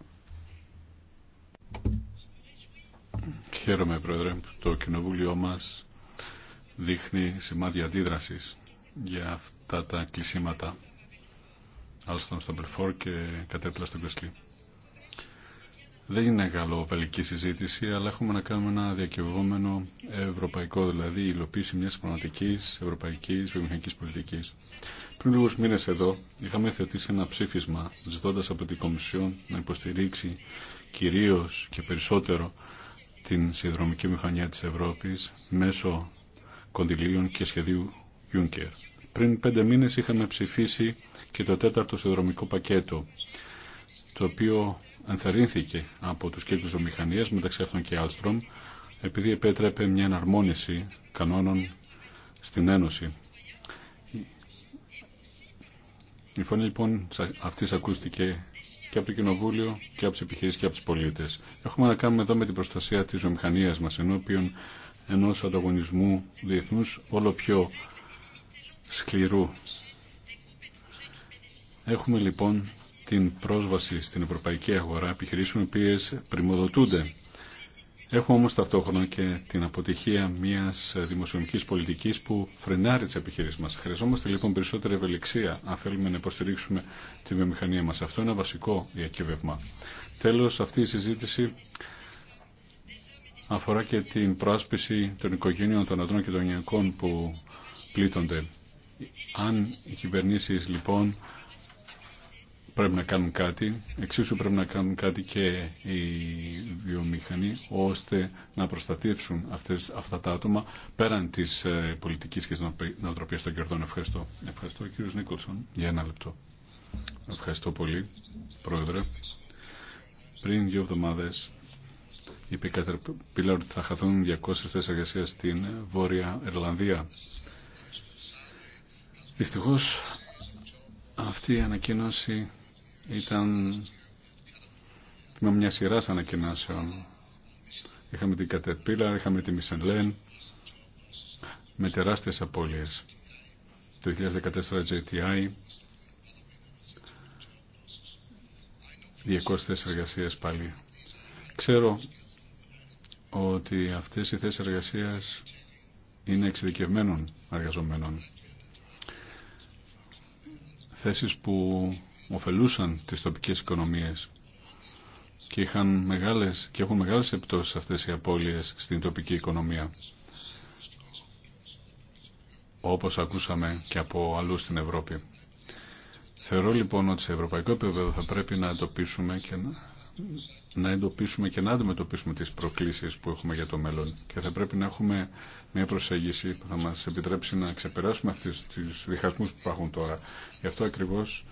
Χαίρομαι, Πρόεδρε, που το κοινοβούλιο μας δείχνει σημάδια αντίδραση για αυτά τα κλεισίματα. Άλστον στον Περφόρ και κατέπλα στον Κεσλή. Δεν ειναι καλό συζήτηση, αλλά έχουμε να κάνουμε ένα διακυβόμενο ευρωπαϊκό, δηλαδή η υλοποίηση μια πραγματική ευρωπαϊκή βιομηχανική πολιτική. Πριν λίγου μήνε εδώ είχαμε θετήσει ένα ψήφισμα ζητώντα από την Κομισιόν να υποστηρίξει κυρίω και περισσότερο την συνδρομική μηχανία τη Ευρώπη μέσω κοντιλίων και σχεδίου Juncker. Πριν πέντε μήνες είχαμε ψηφίσει και το τέταρτο συνδρομικό πακέτο, το οποίο ενθαρρύνθηκε από τους κύκλους ομηχανίας μεταξύ αυτών και Αλστρομ, επειδή επέτρεπε μια εναρμόνιση κανόνων στην Ένωση. Η φωνή λοιπόν αυτή ακούστηκε και από το Κοινοβούλιο και από τι επιχειρήσει και από του πολίτε. Έχουμε να κάνουμε εδώ με την προστασία τη βιομηχανία μα, ενώπιον ενός ανταγωνισμού διεθνούς όλο πιο σκληρού. Έχουμε λοιπόν την πρόσβαση στην ευρωπαϊκή αγορά επιχειρήσεων οι οποίε πρημοδοτούνται. Έχουμε όμως ταυτόχρονα και την αποτυχία μιας δημοσιονομικής πολιτικής που φρενάρει τις επιχειρήσεις μας. Χρειαζόμαστε λοιπόν περισσότερη ευελιξία αν θέλουμε να υποστηρίξουμε τη βιομηχανία μας. Αυτό είναι ένα βασικό διακύβευμα. Τέλος, αυτή η συζήτηση αφορά και την πρόσπιση των οικογένειων των αντρών και των γυναικών που πλήττονται. Αν οι κυβερνήσεις λοιπόν πρέπει να κάνουν κάτι, εξίσου πρέπει να κάνουν κάτι και οι βιομηχανοί, ώστε να προστατεύσουν αυτές, αυτά τα άτομα πέραν της ε, πολιτικής και της νοοτροπίας των κερδών. Ευχαριστώ. Ευχαριστώ κύριος Νίκολσον για ένα λεπτό. Ευχαριστώ πολύ, Πρόεδρε. Πριν δύο εβδομάδες είπε η ότι θα χαθούν 200 θέσει εργασία στην Βόρεια Ιρλανδία. Δυστυχώ αυτή η ανακοίνωση ήταν με μια σειρά ανακοινώσεων. Είχαμε την κατερπίλα, είχαμε τη Μισελέν με τεράστιε απώλειε. Το 2014 JTI 200 εργασία πάλι. Ξέρω ότι αυτές οι θέσεις εργασίας είναι εξειδικευμένων εργαζομένων. Θέσεις που ωφελούσαν τις τοπικές οικονομίες και, είχαν μεγάλες, και έχουν μεγάλες επιπτώσεις αυτές οι απώλειες στην τοπική οικονομία. Όπως ακούσαμε και από αλλού στην Ευρώπη. Θεωρώ λοιπόν ότι σε ευρωπαϊκό επίπεδο θα πρέπει να εντοπίσουμε και να να εντοπίσουμε και να αντιμετωπίσουμε τις προκλήσεις που έχουμε για το μέλλον και θα πρέπει να έχουμε μια προσέγγιση που θα μας επιτρέψει να ξεπεράσουμε αυτούς τους διχασμούς που υπάρχουν τώρα. Γι' αυτό ακριβώς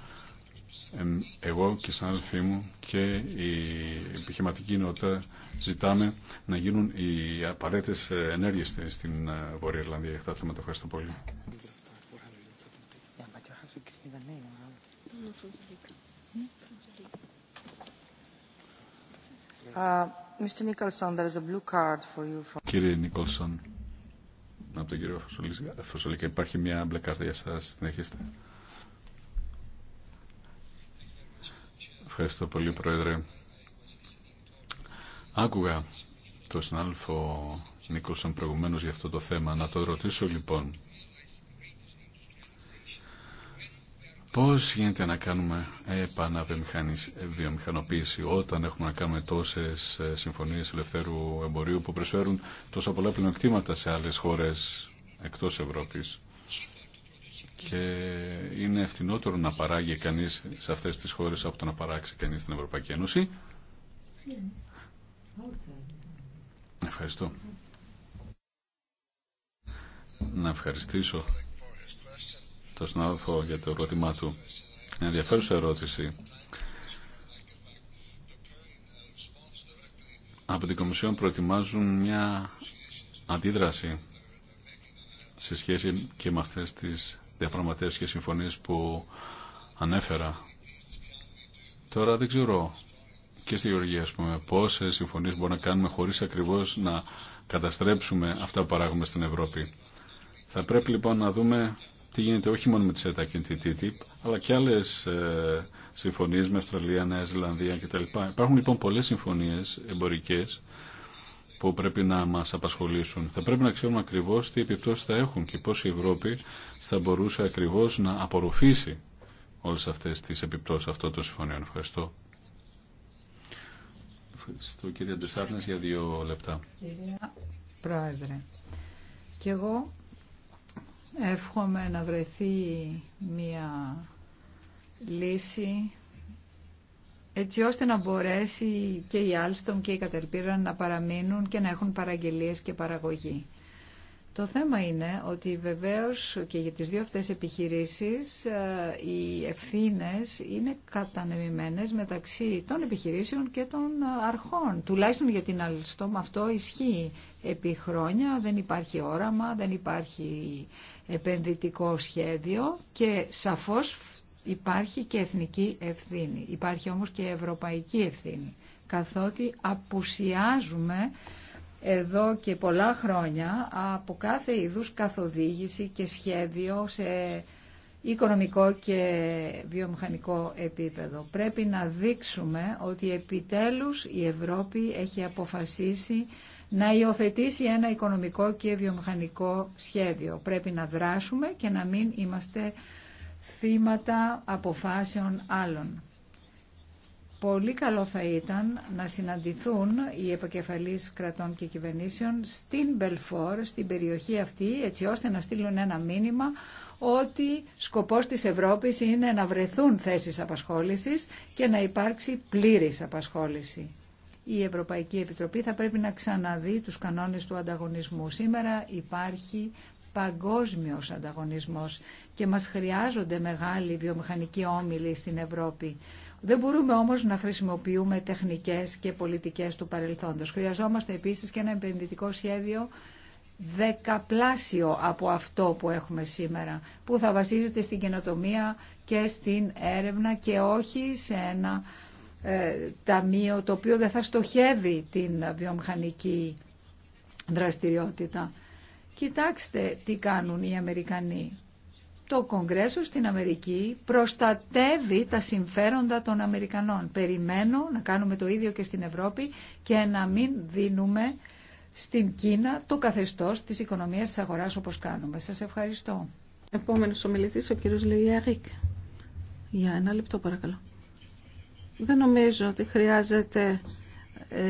εγώ και σαν αδελφοί μου και η επιχειρηματική κοινότητα ζητάμε να γίνουν οι απαραίτητες ενέργειες στην ε, Βόρεια Ιρλανδία για αυτά τα θέματα. Ευχαριστώ πολύ. Uh, Κύριε Νίκολσον, από τον κύριο Φωσολίκα υπάρχει μια μπλε κάρτα για σας. Συνεχίστε. Ευχαριστώ πολύ, Πρόεδρε. Άκουγα τον συνάδελφο Νίκολσον προηγουμένως για αυτό το θέμα. Να το ρωτήσω λοιπόν. Πώς γίνεται να κάνουμε επαναβιομηχανοποίηση όταν έχουμε να κάνουμε τόσες ε, συμφωνίες ελευθέρου εμπορίου που προσφέρουν τόσα πολλά πλεονεκτήματα σε άλλες χώρες εκτός Ευρώπης και είναι ευθυνότερο να παράγει κανείς σε αυτές τις χώρες από το να παράξει κανείς στην Ευρωπαϊκή Ένωση. Ευχαριστώ. Να ευχαριστήσω το συνάδελφο για το ερώτημά του. Ενδιαφέρουσα ερώτηση. Από την Κομισιόν προετοιμάζουν μια αντίδραση σε σχέση και με αυτές τις διαπραγματεύσεις και συμφωνίες που ανέφερα. Τώρα δεν ξέρω και στη Γεωργία, ας πούμε, πόσες συμφωνίες μπορούμε να κάνουμε χωρίς ακριβώς να καταστρέψουμε αυτά που παράγουμε στην Ευρώπη. Θα πρέπει λοιπόν να δούμε τι γίνεται όχι μόνο με τη ΣΕΤΑ και τη TTIP, αλλά και άλλε συμφωνίε με Αυστραλία, Νέα Ζηλανδία κτλ. Υπάρχουν λοιπόν πολλέ συμφωνίε εμπορικέ που πρέπει να μα απασχολήσουν. Θα πρέπει να ξέρουμε ακριβώ τι επιπτώσει θα έχουν και πώ η Ευρώπη θα μπορούσε ακριβώ να απορροφήσει όλε αυτέ τι επιπτώσει αυτών των συμφωνιών. Ευχαριστώ. Ευχαριστώ κύριε Ντεσάρνες για δύο λεπτά. Κύριε Πρόεδρε, και εγώ Εύχομαι να βρεθεί μια λύση έτσι ώστε να μπορέσει και η Άλστον και η Κατερπίρα να παραμείνουν και να έχουν παραγγελίες και παραγωγή. Το θέμα είναι ότι βεβαίως και για τις δύο αυτές επιχειρήσεις ε, οι ευθύνες είναι κατανεμημένες μεταξύ των επιχειρήσεων και των ε, αρχών. Τουλάχιστον για την Αλστόμ αυτό ισχύει επί χρόνια, δεν υπάρχει όραμα, δεν υπάρχει επενδυτικό σχέδιο και σαφώς υπάρχει και εθνική ευθύνη. Υπάρχει όμως και ευρωπαϊκή ευθύνη, καθότι απουσιάζουμε εδώ και πολλά χρόνια από κάθε είδους καθοδήγηση και σχέδιο σε οικονομικό και βιομηχανικό επίπεδο. Πρέπει να δείξουμε ότι επιτέλους η Ευρώπη έχει αποφασίσει να υιοθετήσει ένα οικονομικό και βιομηχανικό σχέδιο. Πρέπει να δράσουμε και να μην είμαστε θύματα αποφάσεων άλλων. Πολύ καλό θα ήταν να συναντηθούν οι επικεφαλείς κρατών και κυβερνήσεων στην Μπελφόρ, στην περιοχή αυτή, έτσι ώστε να στείλουν ένα μήνυμα ότι σκοπός της Ευρώπης είναι να βρεθούν θέσεις απασχόλησης και να υπάρξει πλήρης απασχόληση. Η Ευρωπαϊκή Επιτροπή θα πρέπει να ξαναδεί τους κανόνες του ανταγωνισμού. Σήμερα υπάρχει παγκόσμιος ανταγωνισμός και μας χρειάζονται μεγάλοι βιομηχανικοί όμιλοι στην Ευρώπη. Δεν μπορούμε όμως να χρησιμοποιούμε τεχνικές και πολιτικές του παρελθόντος. Χρειαζόμαστε επίσης και ένα επενδυτικό σχέδιο δεκαπλάσιο από αυτό που έχουμε σήμερα, που θα βασίζεται στην καινοτομία και στην έρευνα και όχι σε ένα ε, ταμείο το οποίο δεν θα στοχεύει την βιομηχανική δραστηριότητα. Κοιτάξτε τι κάνουν οι Αμερικανοί το Κογκρέσο στην Αμερική προστατεύει τα συμφέροντα των Αμερικανών. Περιμένω να κάνουμε το ίδιο και στην Ευρώπη και να μην δίνουμε στην Κίνα το καθεστώς της οικονομίας της αγοράς όπως κάνουμε. Σας ευχαριστώ. Επόμενος ομιλητής ο κύριος Λεγιαρίκ. Για ένα λεπτό παρακαλώ. Δεν νομίζω ότι χρειάζεται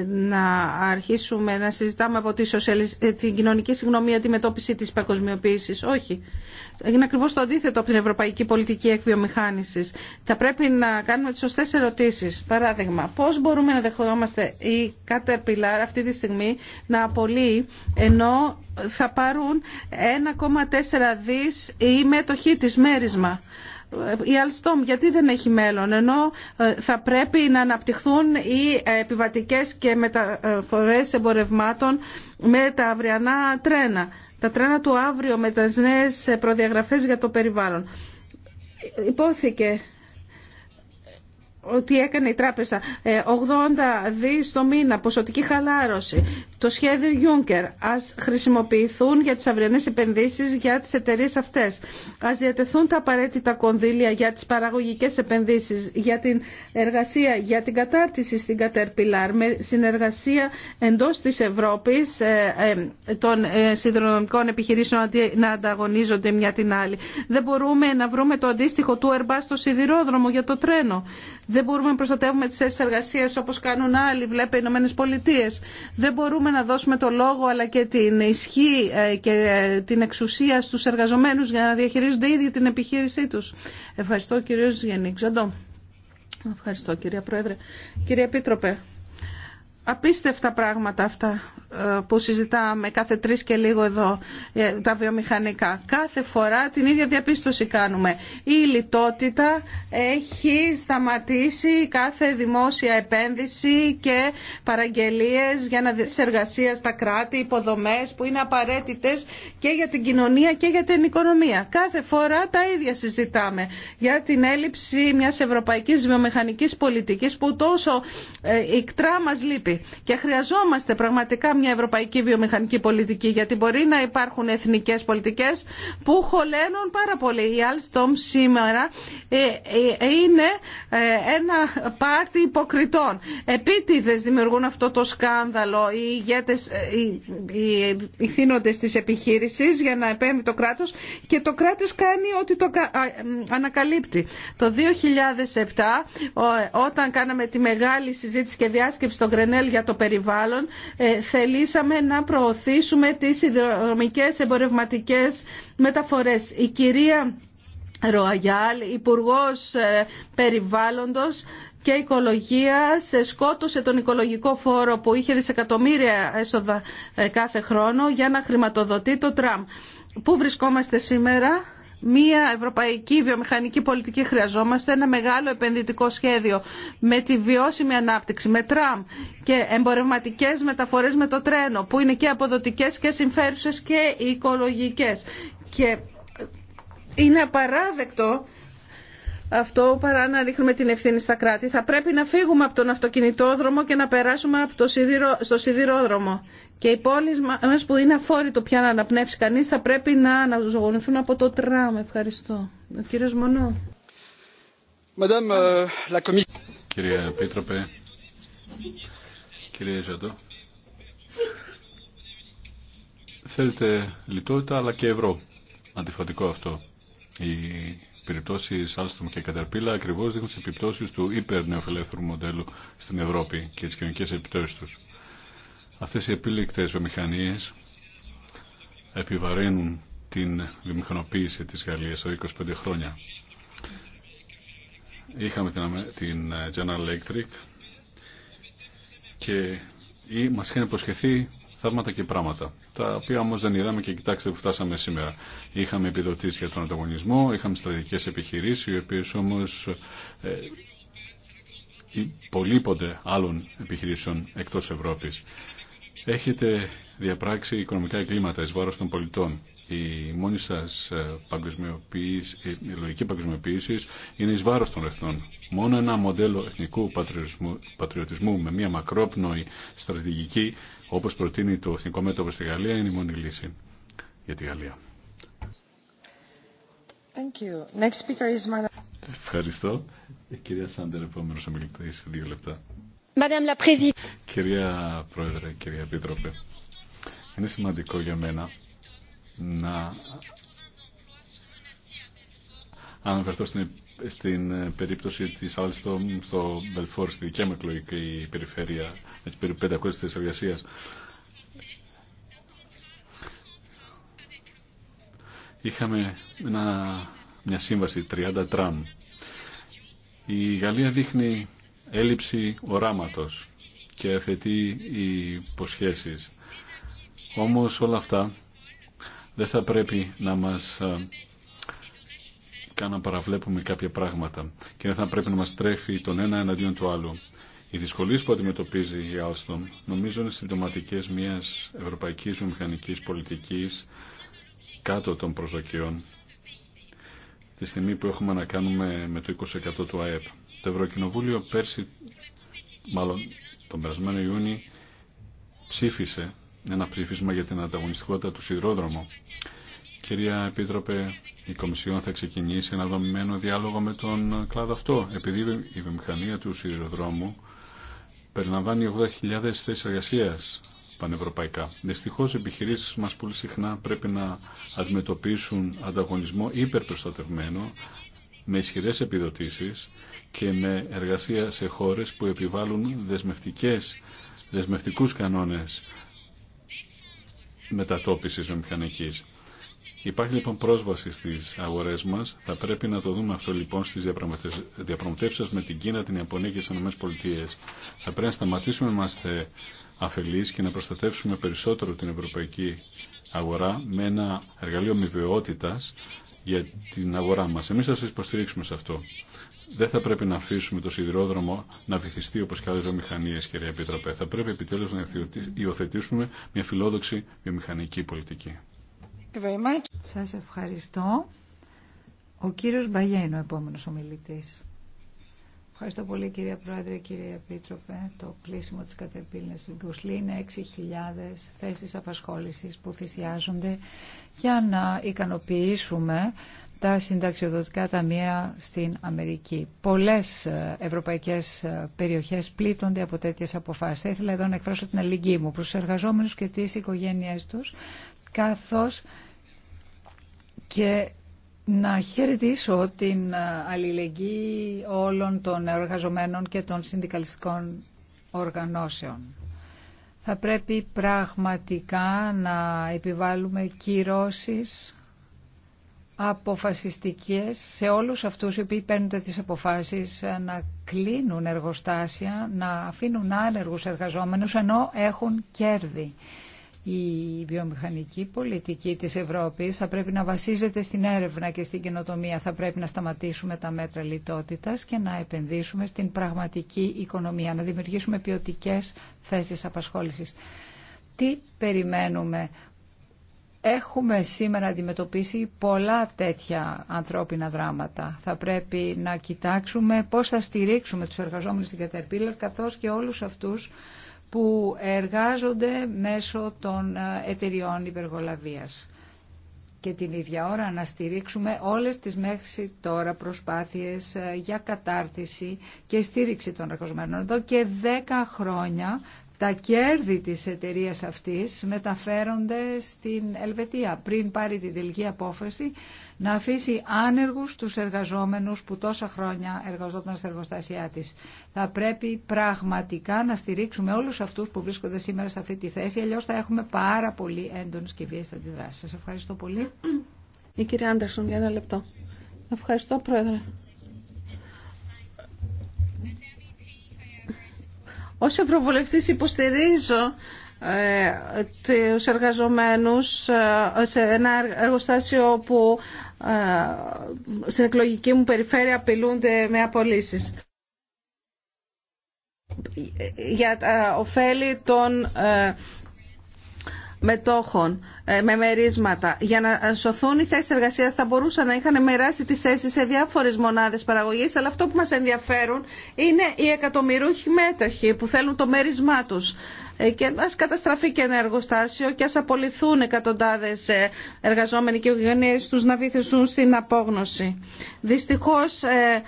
να αρχίσουμε να συζητάμε από τη σοσιαλισ... Ε, την κοινωνική τη μετώπιση της παγκοσμιοποίησης. Όχι. Είναι ακριβώς το αντίθετο από την ευρωπαϊκή πολιτική εκβιομηχάνησης. Θα πρέπει να κάνουμε τις σωστές ερωτήσεις. Παράδειγμα, πώς μπορούμε να δεχόμαστε η Caterpillar αυτή τη στιγμή να απολύει ενώ θα πάρουν 1,4 δις η μετοχή της μέρισμα. Η Alstom γιατί δεν έχει μέλλον, ενώ ε, θα πρέπει να αναπτυχθούν οι επιβατικές και μεταφορές εμπορευμάτων με τα αυριανά τρένα. Τα τρένα του αύριο με τις νέες προδιαγραφές για το περιβάλλον. Υπόθηκε ότι έκανε η τράπεζα 80 ε, δις το μήνα, ποσοτική χαλάρωση το σχέδιο Juncker. Α χρησιμοποιηθούν για τι αυριανέ επενδύσει για τι εταιρείε αυτέ, α διατεθούν τα απαραίτητα κονδύλια για τι παραγωγικέ επενδύσει, για την εργασία, για την κατάρτιση στην Κατερπιλάρ, με συνεργασία εντός της Ευρώπης ε, ε, των ε, συνδρομικών επιχειρήσεων να ανταγωνίζονται μια την άλλη. Δεν μπορούμε να βρούμε το αντίστοιχο του Airbus στο σιδηρόδρομο για το τρένο. Δεν μπορούμε να προστατεύουμε τι θέσει όπω κάνουν άλλοι, βλέπε οι ΗΠΑ να δώσουμε το λόγο αλλά και την ισχύ ε, και ε, την εξουσία στους εργαζομένους για να διαχειρίζονται ήδη την επιχείρησή τους. Ευχαριστώ κύριο Ζηγενή Ξαντώ. Ευχαριστώ κυρία Πρόεδρε. Κύριε Επίτροπε, απίστευτα πράγματα αυτά που συζητάμε κάθε τρεις και λίγο εδώ ε, τα βιομηχανικά. Κάθε φορά την ίδια διαπίστωση κάνουμε. Η λιτότητα έχει σταματήσει κάθε δημόσια επένδυση και παραγγελίες για να εργασία στα κράτη, υποδομές που είναι απαραίτητες και για την κοινωνία και για την οικονομία. Κάθε φορά τα ίδια συζητάμε για την έλλειψη μιας ευρωπαϊκής βιομηχανικής πολιτικής που τόσο ε, ικτρά μας λείπει. Και χρειαζόμαστε πραγματικά μια ευρωπαϊκή βιομηχανική πολιτική, γιατί μπορεί να υπάρχουν εθνικές πολιτικές που χωλένουν πάρα πολύ. Η Alstom σήμερα ε, ε, είναι ε, ένα πάρτι υποκριτών. Επίτηδες δημιουργούν αυτό το σκάνδαλο οι ηγέτες, οι θύνοντε τη επιχείρηση για να επέμβει το κράτος και το κράτος κάνει ό,τι το ανακαλύπτει. Το 2007 όταν κάναμε τη μεγάλη συζήτηση και διάσκεψη στο Γκρενέλ για το περιβάλλον θελήσαμε να προωθήσουμε τις ιδρομικές εμπορευματικές μεταφορές. Η κυρία Ροαγιάλ, υπουργό ε, Περιβάλλοντος, και οικολογίας ε, σκότωσε τον οικολογικό φόρο που είχε δισεκατομμύρια έσοδα ε, κάθε χρόνο για να χρηματοδοτεί το τραμ. Πού βρισκόμαστε σήμερα? Μία ευρωπαϊκή βιομηχανική πολιτική χρειαζόμαστε, ένα μεγάλο επενδυτικό σχέδιο με τη βιώσιμη ανάπτυξη, με τραμ και εμπορευματικέ μεταφορέ με το τρένο, που είναι και αποδοτικέ και συμφέρουσε και οικολογικέ. Και είναι απαράδεκτο αυτό παρά να ρίχνουμε την ευθύνη στα κράτη. Θα πρέπει να φύγουμε από τον αυτοκινητόδρομο και να περάσουμε από το σιδηρο... στο σιδηρόδρομο. Και οι πόλει μα που είναι αφόρητο πια να αναπνεύσει κανεί θα πρέπει να αναζωογονηθούν από το τραμ. Ευχαριστώ. Ο κύριο Μονό. Euh, Κυρία Επίτροπε, κύριε Ζαντό, θέλετε λιτότητα αλλά και ευρώ. Αντιφατικό αυτό. Η περιπτώσει Alstom και Caterpillar ακριβώ δείχνουν τι επιπτώσει του υπερνεοφιλελεύθερου μοντέλου στην Ευρώπη και τι κοινωνικέ επιπτώσει του. Αυτέ οι επίλεκτε βιομηχανίε επιβαρύνουν την βιομηχανοποίηση τη Γαλλία εδώ 25 χρόνια. Είχαμε την General Electric και ή είχαν υποσχεθεί θαύματα και πράγματα, τα οποία όμω δεν είδαμε και κοιτάξτε που φτάσαμε σήμερα. Είχαμε επιδοτήσει για τον ανταγωνισμό, είχαμε στρατηγικέ επιχειρήσει, οι οποίε όμω ε, υπολείπονται άλλων επιχειρήσεων εκτό Ευρώπη. Έχετε διαπράξει οικονομικά εγκλήματα ει βάρος των πολιτών. Η μόνη σα ε, ε, η λογική παγκοσμιοποίηση είναι ει βάρο των εθνών. Μόνο ένα μοντέλο εθνικού πατριωτισμού, πατριωτισμού με μια μακρόπνοη στρατηγική όπως προτείνει το Εθνικό Μέτωπο στη Γαλλία, είναι η μόνη λύση για τη Γαλλία. Thank you. Next speaker is... Ευχαριστώ. Η κυρία Σάντερ, επόμενος ομιλητής, δύο λεπτά. la κυρία Πρόεδρε, κυρία Επίτροπε, είναι σημαντικό για μένα να αναφερθώ στην, στην περίπτωση της Άλστομ στο, στο Μπελφόρ, στη δικιά μου εκλογική περιφέρεια έχει περίπου 500 τη εργασία. Είχαμε μια σύμβαση 30 τραμ. Η Γαλλία δείχνει έλλειψη οράματος και θετεί υποσχέσεις. Όμως όλα αυτά δεν θα πρέπει να μας κάνουν να παραβλέπουμε κάποια πράγματα και δεν θα πρέπει να μας τρέφει τον ένα εναντίον του άλλου. Οι δυσκολίε που αντιμετωπίζει η Alstom νομίζω είναι συμπτωματικέ μια ευρωπαϊκή βιομηχανική πολιτική κάτω των προσδοκιών τη στιγμή που έχουμε να κάνουμε με το 20% του ΑΕΠ. Το Ευρωκοινοβούλιο πέρσι, μάλλον τον περασμένο Ιούνι, ψήφισε ένα ψήφισμα για την ανταγωνιστικότητα του σιδηρόδρομου. Κυρία Επίτροπε, η Κομισιόν θα ξεκινήσει ένα δομημένο διάλογο με τον κλάδο αυτό, επειδή η βιομηχανία του σιδηροδρόμου περιλαμβάνει 80.000 θέσει εργασία πανευρωπαϊκά. Δυστυχώ, οι επιχειρήσει μα πολύ συχνά πρέπει να αντιμετωπίσουν ανταγωνισμό υπερπροστατευμένο με ισχυρέ επιδοτήσει και με εργασία σε χώρε που επιβάλλουν δεσμευτικού δεσμευτικούς κανόνες μετατόπισης μηχανικής. Υπάρχει λοιπόν πρόσβαση στι αγορέ μα. Θα πρέπει να το δούμε αυτό λοιπόν στι διαπραγματεύσει με την Κίνα, την Ιαπωνία και τι ΗΠΑ. Θα πρέπει να σταματήσουμε να είμαστε αφελεί και να προστατεύσουμε περισσότερο την ευρωπαϊκή αγορά με ένα εργαλείο αμοιβαιότητα για την αγορά μα. Εμεί θα σα υποστηρίξουμε σε αυτό. Δεν θα πρέπει να αφήσουμε το σιδηρόδρομο να βυθιστεί όπω και άλλε βιομηχανίε, κυρία Επίτροπε. Θα πρέπει επιτέλου να υιοθετήσουμε μια φιλόδοξη βιομηχανική πολιτική. Σας ευχαριστώ. Ο κύριος Μπαγιά είναι ο επόμενος ομιλητής. Ευχαριστώ πολύ κυρία Πρόεδρε, κύριε Επίτροπε. Το πλήσιμο της κατεπίλνες του Γκουσλή είναι 6.000 θέσεις απασχόλησης που θυσιάζονται για να ικανοποιήσουμε τα συνταξιοδοτικά ταμεία στην Αμερική. Πολλές ε, ευρωπαϊκές ε, περιοχές πλήττονται από τέτοιες αποφάσεις. Θα ήθελα εδώ να εκφράσω την αλληλεγγύη μου προς τους εργαζόμενους και τις οικογένειές τους, καθώς και να χαιρετήσω την αλληλεγγύη όλων των εργαζομένων και των συνδικαλιστικών οργανώσεων. Θα πρέπει πραγματικά να επιβάλλουμε κυρώσεις αποφασιστικές σε όλους αυτούς οι οποίοι παίρνουν τις αποφάσεις ε, να κλείνουν εργοστάσια, να αφήνουν άνεργους εργαζόμενους ενώ έχουν κέρδη. Η βιομηχανική πολιτική της Ευρώπης θα πρέπει να βασίζεται στην έρευνα και στην καινοτομία. Θα πρέπει να σταματήσουμε τα μέτρα λιτότητας και να επενδύσουμε στην πραγματική οικονομία, να δημιουργήσουμε ποιοτικέ θέσεις απασχόλησης. Τι περιμένουμε. Έχουμε σήμερα αντιμετωπίσει πολλά τέτοια ανθρώπινα δράματα. Θα πρέπει να κοιτάξουμε πώς θα στηρίξουμε τους εργαζόμενους στην Κατερπίλερ, καθώς και όλους αυτούς που εργάζονται μέσω των ε, εταιριών υπεργολαβίας. Και την ίδια ώρα να στηρίξουμε όλες τις μέχρι τώρα προσπάθειες ε, για κατάρτιση και στήριξη των εργαζομένων. Εδώ και δέκα χρόνια τα κέρδη της εταιρείας αυτής μεταφέρονται στην Ελβετία. Πριν πάρει την τελική απόφαση να αφήσει άνεργους τους εργαζόμενους που τόσα χρόνια εργαζόταν στα εργοστάσια της. Θα πρέπει πραγματικά να στηρίξουμε όλους αυτούς που βρίσκονται σήμερα σε αυτή τη θέση, αλλιώς θα έχουμε πάρα πολύ έντονες και βίαιες αντιδράσεις. Σας ευχαριστώ πολύ. Η κυρία Άντερσον για ένα λεπτό. Ευχαριστώ Πρόεδρε. Ως Ευρωβουλευτής υποστηρίζω ε, τους εργαζομένους ε, σε ένα εργοστάσιο που ε, στην εκλογική μου περιφέρεια απειλούνται με απολύσεις για τα ωφέλη των ε, μετόχων, ε, με μερίσματα. Για να σωθούν οι θέσει εργασία θα μπορούσαν να είχαν μεράσει τι θέσει σε διάφορε μονάδε παραγωγή, αλλά αυτό που μα ενδιαφέρουν είναι οι εκατομμυρούχοι μέτοχοι που θέλουν το μέρισμά του. Ε, και ας καταστραφεί και ένα εργοστάσιο και ας απολυθούν εκατοντάδες ε, εργαζόμενοι και οικογένειες τους να βυθιστούν στην απόγνωση. Δυστυχώς ε,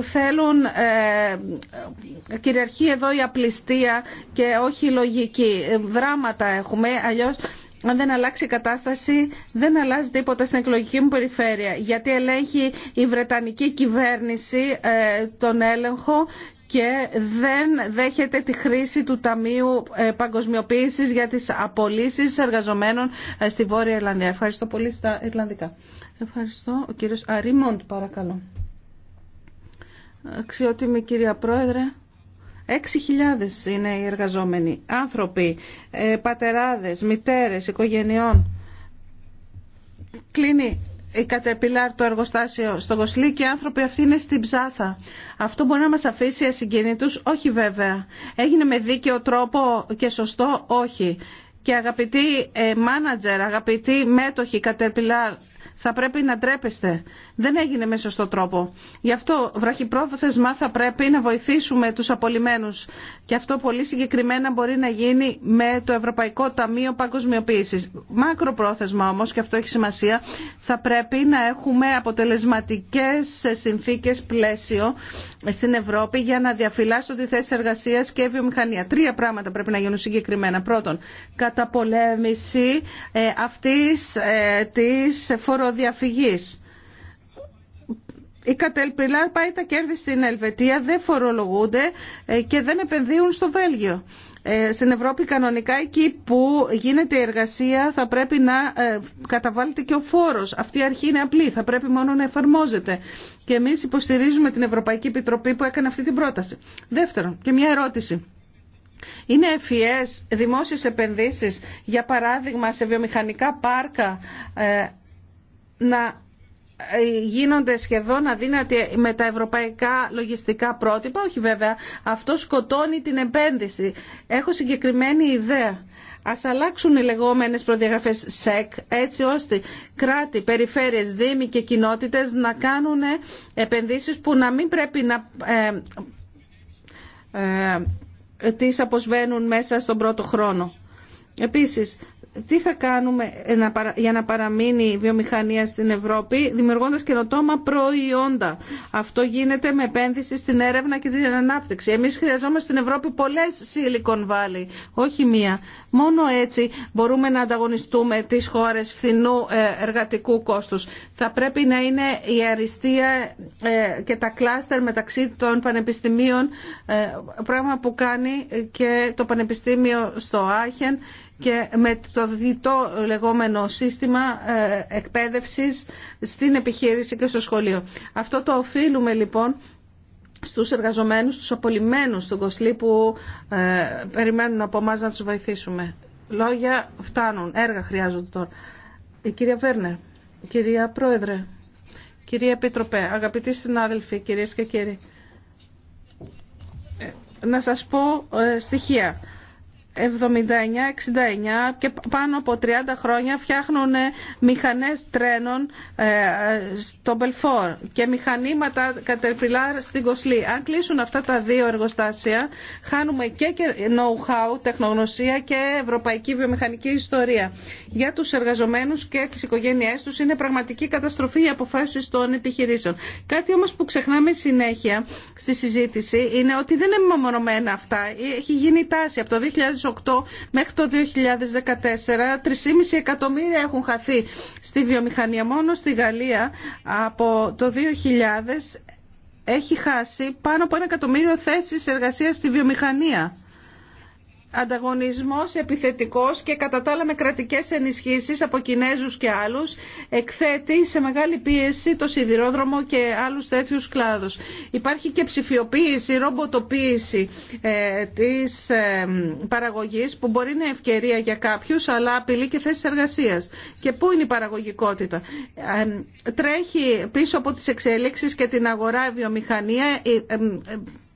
θέλουν ε, κυριαρχεί εδώ η απληστία και όχι η λογική. Δράματα έχουμε, αλλιώς αν δεν αλλάξει η κατάσταση δεν αλλάζει τίποτα στην εκλογική μου περιφέρεια γιατί ελέγχει η Βρετανική κυβέρνηση τον έλεγχο και δεν δέχεται τη χρήση του Ταμείου ε, Παγκοσμιοποίησης για τις απολύσεις εργαζομένων ε, στη Βόρεια Ιρλανδία. Ευχαριστώ πολύ στα Ιρλανδικά. Ευχαριστώ. Ο κύριος Αρίμοντ, παρακαλώ. Αξιότιμη κυρία Πρόεδρε. 6.000 είναι οι εργαζόμενοι, άνθρωποι, ε, πατεράδες, μητέρες, οικογενειών. Κλείνει η Κατερπιλάρ το εργοστάσιο στο Γοσλί και οι άνθρωποι αυτοί είναι στην ψάθα. Αυτό μπορεί να μας αφήσει ασυγκίνητους, όχι βέβαια. Έγινε με δίκαιο τρόπο και σωστό, όχι. Και αγαπητοί μάνατζερ, αγαπητοί μέτοχοι Κατερπιλάρ, θα πρέπει να ντρέπεστε. Δεν έγινε με σωστό τρόπο. Γι' αυτό βραχυπρόθεσμα θα πρέπει να βοηθήσουμε τους απολυμένους. Και αυτό πολύ συγκεκριμένα μπορεί να γίνει με το Ευρωπαϊκό Ταμείο Παγκοσμιοποίησης. Μακροπρόθεσμα όμως, και αυτό έχει σημασία, θα πρέπει να έχουμε αποτελεσματικές συνθήκες πλαίσιο στην Ευρώπη για να διαφυλάσσονται θέσεις εργασίας και βιομηχανία. Τρία πράγματα πρέπει να γίνουν συγκεκριμένα. Πρώτον, καταπολέμηση ε, αυτής ε, της διαφυγής. Η Κατελπιλάρ πάει τα κέρδη στην Ελβετία, δεν φορολογούνται ε, και δεν επενδύουν στο Βέλγιο. Ε, στην Ευρώπη κανονικά εκεί που γίνεται η εργασία θα πρέπει να ε, καταβάλλεται και ο φόρος. Αυτή η αρχή είναι απλή, θα πρέπει μόνο να εφαρμόζεται. Και εμείς υποστηρίζουμε την Ευρωπαϊκή Επιτροπή που έκανε αυτή την πρόταση. Δεύτερον, και μια ερώτηση. Είναι ευφυές δημόσιες επενδύσεις, για παράδειγμα σε βιομηχανικά πάρκα, να ε, γίνονται σχεδόν αδύνατοι με τα ευρωπαϊκά λογιστικά πρότυπα. Όχι βέβαια, αυτό σκοτώνει την επένδυση. Έχω συγκεκριμένη ιδέα. Ας αλλάξουν οι λεγόμενες προδιαγραφές ΣΕΚ έτσι ώστε κράτη, περιφέρειες, δήμοι και κοινότητες να κάνουν ε, επενδύσεις που να μην πρέπει να ε, ε, τις αποσβαίνουν μέσα στον πρώτο χρόνο. Επίσης, τι θα κάνουμε για να παραμείνει η βιομηχανία στην Ευρώπη, δημιουργώντας καινοτόμα προϊόντα. Αυτό γίνεται με επένδυση στην έρευνα και την ανάπτυξη. Εμείς χρειαζόμαστε στην Ευρώπη πολλές Silicon Valley, όχι μία. Μόνο έτσι μπορούμε να ανταγωνιστούμε τις χώρες φθηνού ε, εργατικού κόστους. Θα πρέπει να είναι η αριστεία ε, και τα κλάστερ μεταξύ των πανεπιστημίων, ε, πράγμα που κάνει και το Πανεπιστήμιο στο Άχεν και με το διτό λεγόμενο σύστημα ε, εκπαίδευσης στην επιχείρηση και στο σχολείο. Αυτό το οφείλουμε λοιπόν στους εργαζομένους, στους απολυμμένους στον Κοσλή που ε, περιμένουν από εμά να τους βοηθήσουμε. Λόγια φτάνουν, έργα χρειάζονται τώρα. Η κυρία Βέρνερ, κυρία Πρόεδρε, κυρία Επιτροπέ, αγαπητοί συνάδελφοι, κυρίες και κύριοι, ε, να σας πω στοιχεία. 79-69 και πάνω από 30 χρόνια φτιάχνουν ε, μηχανές τρένων ε, στο Μπελφόρ και μηχανήματα κατερπιλάρ στην Κοσλή. Αν κλείσουν αυτά τα δύο εργοστάσια χάνουμε και know-how, τεχνογνωσία και ευρωπαϊκή βιομηχανική ιστορία. Για τους εργαζομένους και τις οικογένειές τους είναι πραγματική καταστροφή οι αποφάσεις των επιχειρήσεων. Κάτι όμως που ξεχνάμε συνέχεια στη συζήτηση είναι ότι δεν είναι μεμονωμένα αυτά. Έχει γίνει τάση από το 2008 μέχρι το 2014 3,5 εκατομμύρια έχουν χαθεί στη βιομηχανία. Μόνο στη Γαλλία από το 2000 έχει χάσει πάνω από ένα εκατομμύριο θέσεις εργασίας στη βιομηχανία ανταγωνισμός επιθετικός και κατά τα άλλα με κρατικές ενισχύσεις από Κινέζους και άλλους εκθέτει σε μεγάλη πίεση το σιδηρόδρομο και άλλους τέτοιους κλάδους. Υπάρχει και ψηφιοποίηση, ρομποτοποίηση ε, της ε, παραγωγής που μπορεί να είναι ευκαιρία για κάποιους αλλά απειλεί και θέσεις εργασίας. Και πού είναι η παραγωγικότητα. Ε, τρέχει πίσω από τις εξέλιξεις και την αγορά βιομηχανία ε,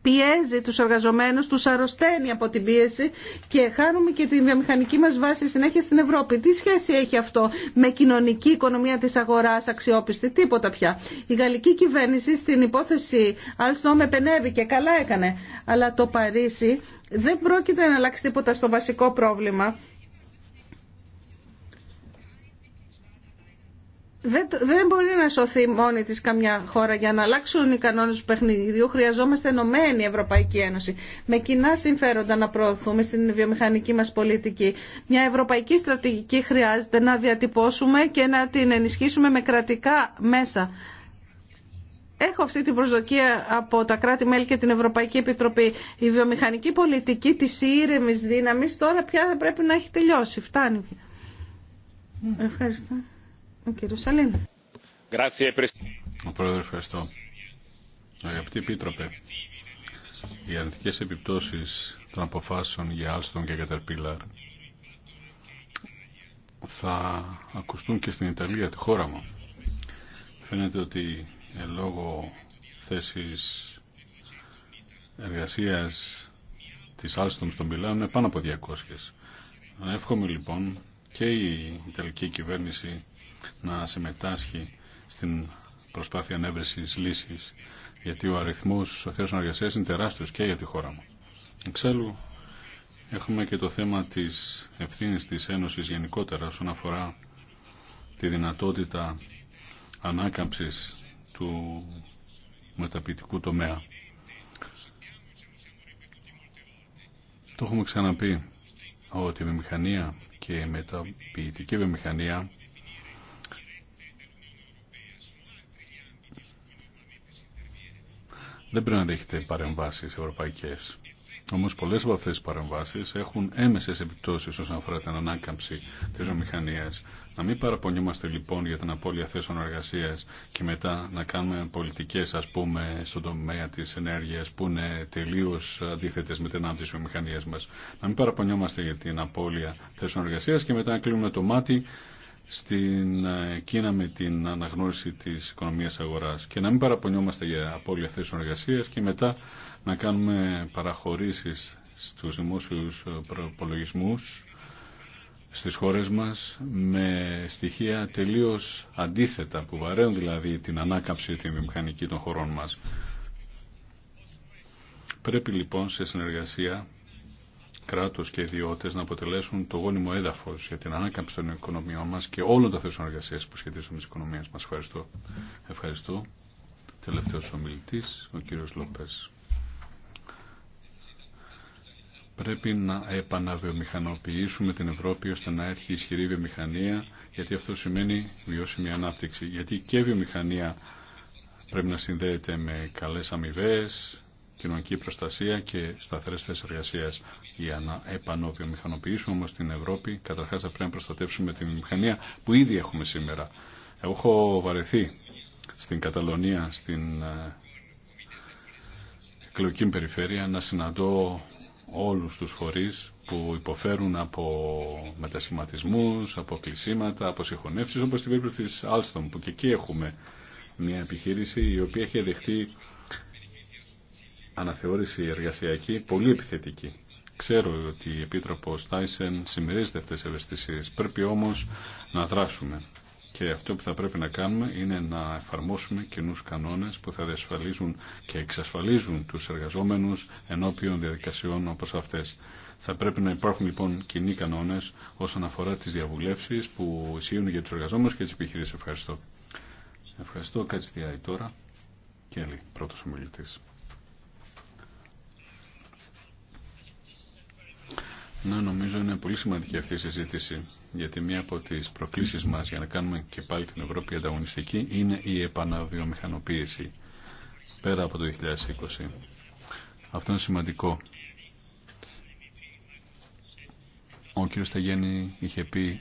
πιέζει τους εργαζομένους, τους αρρωσταίνει από την πίεση και χάνουμε και τη βιομηχανική μας βάση συνέχεια στην Ευρώπη. Τι σχέση έχει αυτό με κοινωνική οικονομία της αγοράς αξιόπιστη, τίποτα πια. Η γαλλική κυβέρνηση στην υπόθεση Αλστόμε επενεύει και καλά έκανε, αλλά το Παρίσι δεν πρόκειται να αλλάξει τίποτα στο βασικό πρόβλημα δεν, δεν μπορεί να σωθεί μόνη της καμιά χώρα για να αλλάξουν οι κανόνες του παιχνιδιού. Χρειαζόμαστε ενωμένη Ευρωπαϊκή Ένωση. Με κοινά συμφέροντα να προωθούμε στην βιομηχανική μας πολιτική. Μια ευρωπαϊκή στρατηγική χρειάζεται να διατυπώσουμε και να την ενισχύσουμε με κρατικά μέσα. Έχω αυτή την προσδοκία από τα κράτη-μέλη και την Ευρωπαϊκή Επιτροπή. Η βιομηχανική πολιτική της ήρεμης δύναμης τώρα πια δεν πρέπει να έχει τελειώσει. Φτάνει. Ευχαριστώ. Ο κύριος Σαλήν. Ο Πρόεδρε, ευχαριστώ. Αγαπητοί Επίτροπε, οι αρνητικές επιπτώσει των αποφάσεων για Άλστον και Caterpillar θα ακουστούν και στην Ιταλία, τη χώρα μου. Φαίνεται ότι ε, λόγω θέσης εργασίας της Άλστον στον Μιλάνο είναι πάνω από 200. Εύχομαι λοιπόν και η Ιταλική κυβέρνηση να συμμετάσχει στην προσπάθεια ανέβρεση λύση, γιατί ο αριθμός θέσεων εργασία είναι τεράστιος και για τη χώρα μου. Εξάλλου έχουμε και το θέμα της Ευθύνη της Ένωσης γενικότερα όσον αφορά τη δυνατότητα ανάκαμψη του μεταποιητικού τομέα. Το έχουμε ξαναπεί ότι η βιομηχανία και η μεταποιητική βιομηχανία δεν πρέπει να δέχεται παρεμβάσει ευρωπαϊκέ. Όμω πολλέ από αυτές τις παρεμβάσεις έχουν έμεσε επιπτώσει όσον αφορά την ανάκαμψη τη βιομηχανία. Να μην παραπονιόμαστε λοιπόν για την απώλεια θέσεων εργασία και μετά να κάνουμε πολιτικέ α πούμε στον τομέα τη ενέργεια που είναι τελείω αντίθετε με την ανάπτυξη τη βιομηχανία μα. Να μην παραπονιόμαστε για την απώλεια θέσεων εργασία και μετά να κλείνουμε το μάτι στην ε, Κίνα με την αναγνώριση της οικονομίας αγοράς και να μην παραπονιόμαστε για απώλεια θέσεων εργασία και μετά να κάνουμε παραχωρήσεις στους δημόσιους ε, προπολογισμού στις χώρες μας με στοιχεία τελείως αντίθετα που βαραίνουν δηλαδή την ανάκαμψη τη βιομηχανική των χωρών μας. Πρέπει λοιπόν σε συνεργασία κράτος και ιδιώτες να αποτελέσουν το γόνιμο έδαφος για την ανάκαμψη των οικονομιών μας και όλων των θέσεων εργασία που σχετίζονται με τις οικονομίες μας. Ευχαριστώ. Ευχαριστώ. Τελευταίος ομιλητής, ο κύριος Λόπες. Πρέπει να επαναβιομηχανοποιήσουμε την Ευρώπη ώστε να έρχει ισχυρή βιομηχανία, γιατί αυτό σημαίνει βιώσιμη ανάπτυξη. Γιατί και βιομηχανία πρέπει να συνδέεται με καλές αμοιβέ, κοινωνική προστασία και σταθερές θέσεις εργασία. Για να επανοβιομηχανοποιήσουμε όμως την Ευρώπη, καταρχάς θα πρέπει να προστατεύσουμε τη μηχανία που ήδη έχουμε σήμερα. Εγώ έχω βαρεθεί στην Καταλωνία, στην ε, εκλογική περιφέρεια, να συναντώ όλους τους φορείς που υποφέρουν από μετασχηματισμούς, από κλεισίματα, από συγχωνεύσεις, όπως στην περίπτωση της Alstom, που και εκεί έχουμε μια επιχείρηση η οποία έχει δεχτεί αναθεώρηση εργασιακή πολύ επιθετική. Ξέρω ότι η Επίτροπο Τάισεν συμμερίζεται αυτές τις ευαισθησίες. Πρέπει όμως να δράσουμε. Και αυτό που θα πρέπει να κάνουμε είναι να εφαρμόσουμε κοινού κανόνες που θα διασφαλίζουν και εξασφαλίζουν τους εργαζόμενους ενώπιον διαδικασιών όπως αυτές. Θα πρέπει να υπάρχουν λοιπόν κοινοί κανόνες όσον αφορά τις διαβουλεύσεις που ισχύουν για τους εργαζόμενους και τις επιχειρήσεις. Ευχαριστώ. Ευχαριστώ. Κάτσε τώρα. Κέλλη, πρώτος ομιλητής. Να νομίζω είναι πολύ σημαντική αυτή η συζήτηση γιατί μία από τις προκλήσεις μας για να κάνουμε και πάλι την Ευρώπη ανταγωνιστική είναι η επαναβιομηχανοποίηση πέρα από το 2020. Αυτό είναι σημαντικό. Ο κύριος Σταγέννη είχε πει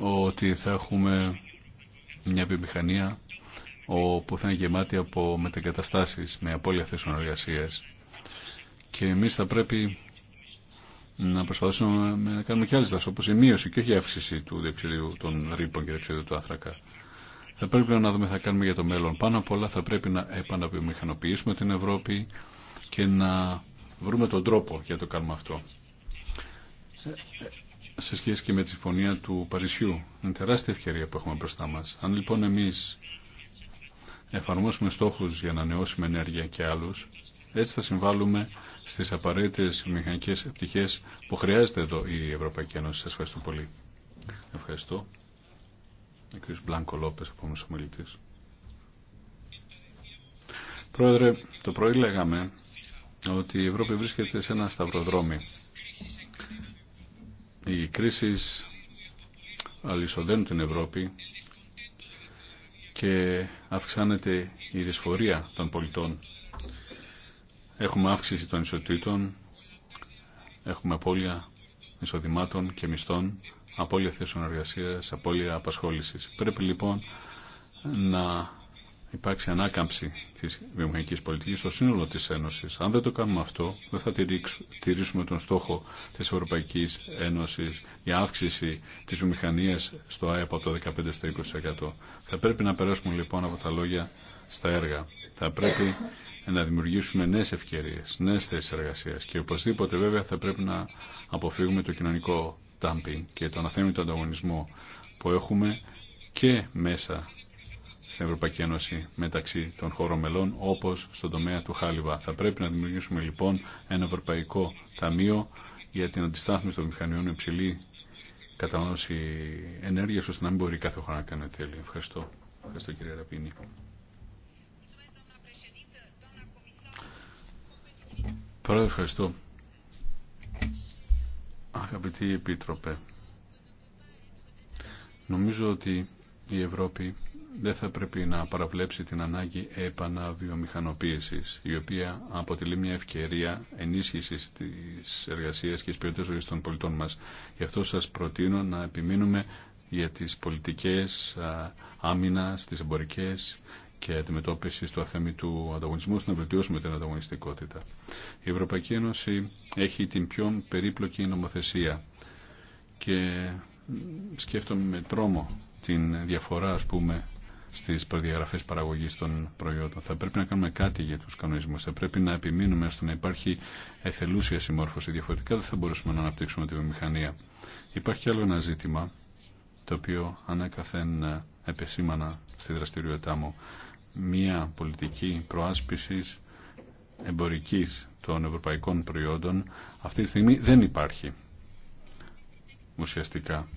ότι θα έχουμε μια βιομηχανία που θα είναι γεμάτη από μετεγκαταστάσεις με απώλεια θέσεων και εμείς θα πρέπει να προσπαθήσουμε να κάνουμε και άλλες δάσεις, όπως η μείωση και όχι η αύξηση του διεξιδίου των ρήπων και διεξιδίου του άθρακα. Θα πρέπει να δούμε τι θα κάνουμε για το μέλλον. Πάνω απ' όλα θα πρέπει να επαναβιομηχανοποιήσουμε την Ευρώπη και να βρούμε τον τρόπο για το κάνουμε αυτό. Σε σχέση και με τη συμφωνία του Παρισιού, είναι τεράστια ευκαιρία που έχουμε μπροστά μας. Αν λοιπόν εμείς εφαρμόσουμε στόχους για να νεώσουμε ενέργεια και άλλους, έτσι θα συμβάλλουμε στις απαραίτητες μηχανικές επιτυχίες που χρειάζεται εδώ η Ευρωπαϊκή Ένωση. Σας ευχαριστώ πολύ. Ευχαριστώ. Ο κ. Μπλάνκο Λόπες, επόμενος ομιλητής. Πρόεδρε, το πρωί λέγαμε ότι η Ευρώπη βρίσκεται σε ένα σταυροδρόμι. Οι κρίσεις αλυσοδένουν την Ευρώπη και αυξάνεται η δυσφορία των πολιτών Έχουμε αύξηση των ισοτήτων, έχουμε απώλεια εισοδημάτων και μισθών, απώλεια θέσεων εργασία, απώλεια απασχόληση. Πρέπει λοιπόν να υπάρξει ανάκαμψη τη βιομηχανική πολιτική στο σύνολο τη Ένωση. Αν δεν το κάνουμε αυτό, δεν θα τηρήσουμε τον στόχο τη Ευρωπαϊκή Ένωση για αύξηση τη βιομηχανία στο ΑΕΠ από το 15% στο 20%. Θα πρέπει να περάσουμε λοιπόν από τα λόγια στα έργα. Θα πρέπει να δημιουργήσουμε νέες ευκαιρίες, νέες θέσεις εργασίας και οπωσδήποτε βέβαια θα πρέπει να αποφύγουμε το κοινωνικό dumping και τον αθέμητο ανταγωνισμό που έχουμε και μέσα στην Ευρωπαϊκή Ένωση μεταξύ των χωρών μελών όπως στον τομέα του Χάλιβα. Θα πρέπει να δημιουργήσουμε λοιπόν ένα Ευρωπαϊκό Ταμείο για την αντιστάθμιση των μηχανιών υψηλή κατανάλωση ενέργειας ώστε να μην μπορεί κάθε χώρα να κάνει τέλεια. Ευχαριστώ. Ευχαριστώ Πρόεδρε, ευχαριστώ. Αγαπητή Επίτροπε, νομίζω ότι η Ευρώπη δεν θα πρέπει να παραβλέψει την ανάγκη επαναβιομηχανοποίησης, η οποία αποτελεί μια ευκαιρία ενίσχυσης της εργασίας και της ποιότητας ζωής των πολιτών μας. Γι' αυτό σας προτείνω να επιμείνουμε για τις πολιτικές άμυνας, τις εμπορικές, και αντιμετώπιση του αθέμη του ανταγωνισμού, να βελτιώσουμε την ανταγωνιστικότητα. Η Ευρωπαϊκή Ένωση έχει την πιο περίπλοκη νομοθεσία και σκέφτομαι με τρόμο την διαφορά, ας πούμε, στι προδιαγραφέ παραγωγή των προϊόντων. Θα πρέπει να κάνουμε κάτι για του κανονισμού. Θα πρέπει να επιμείνουμε ώστε να υπάρχει εθελούσια συμμόρφωση. Διαφορετικά δεν θα μπορούσαμε να αναπτύξουμε τη βιομηχανία. Υπάρχει άλλο ένα ζήτημα, το οποίο ανέκαθεν επεσήμανα στη δραστηριότητά μου μια πολιτική προάσπισης εμπορικής των ευρωπαϊκών προϊόντων αυτή τη στιγμή δεν υπάρχει ουσιαστικά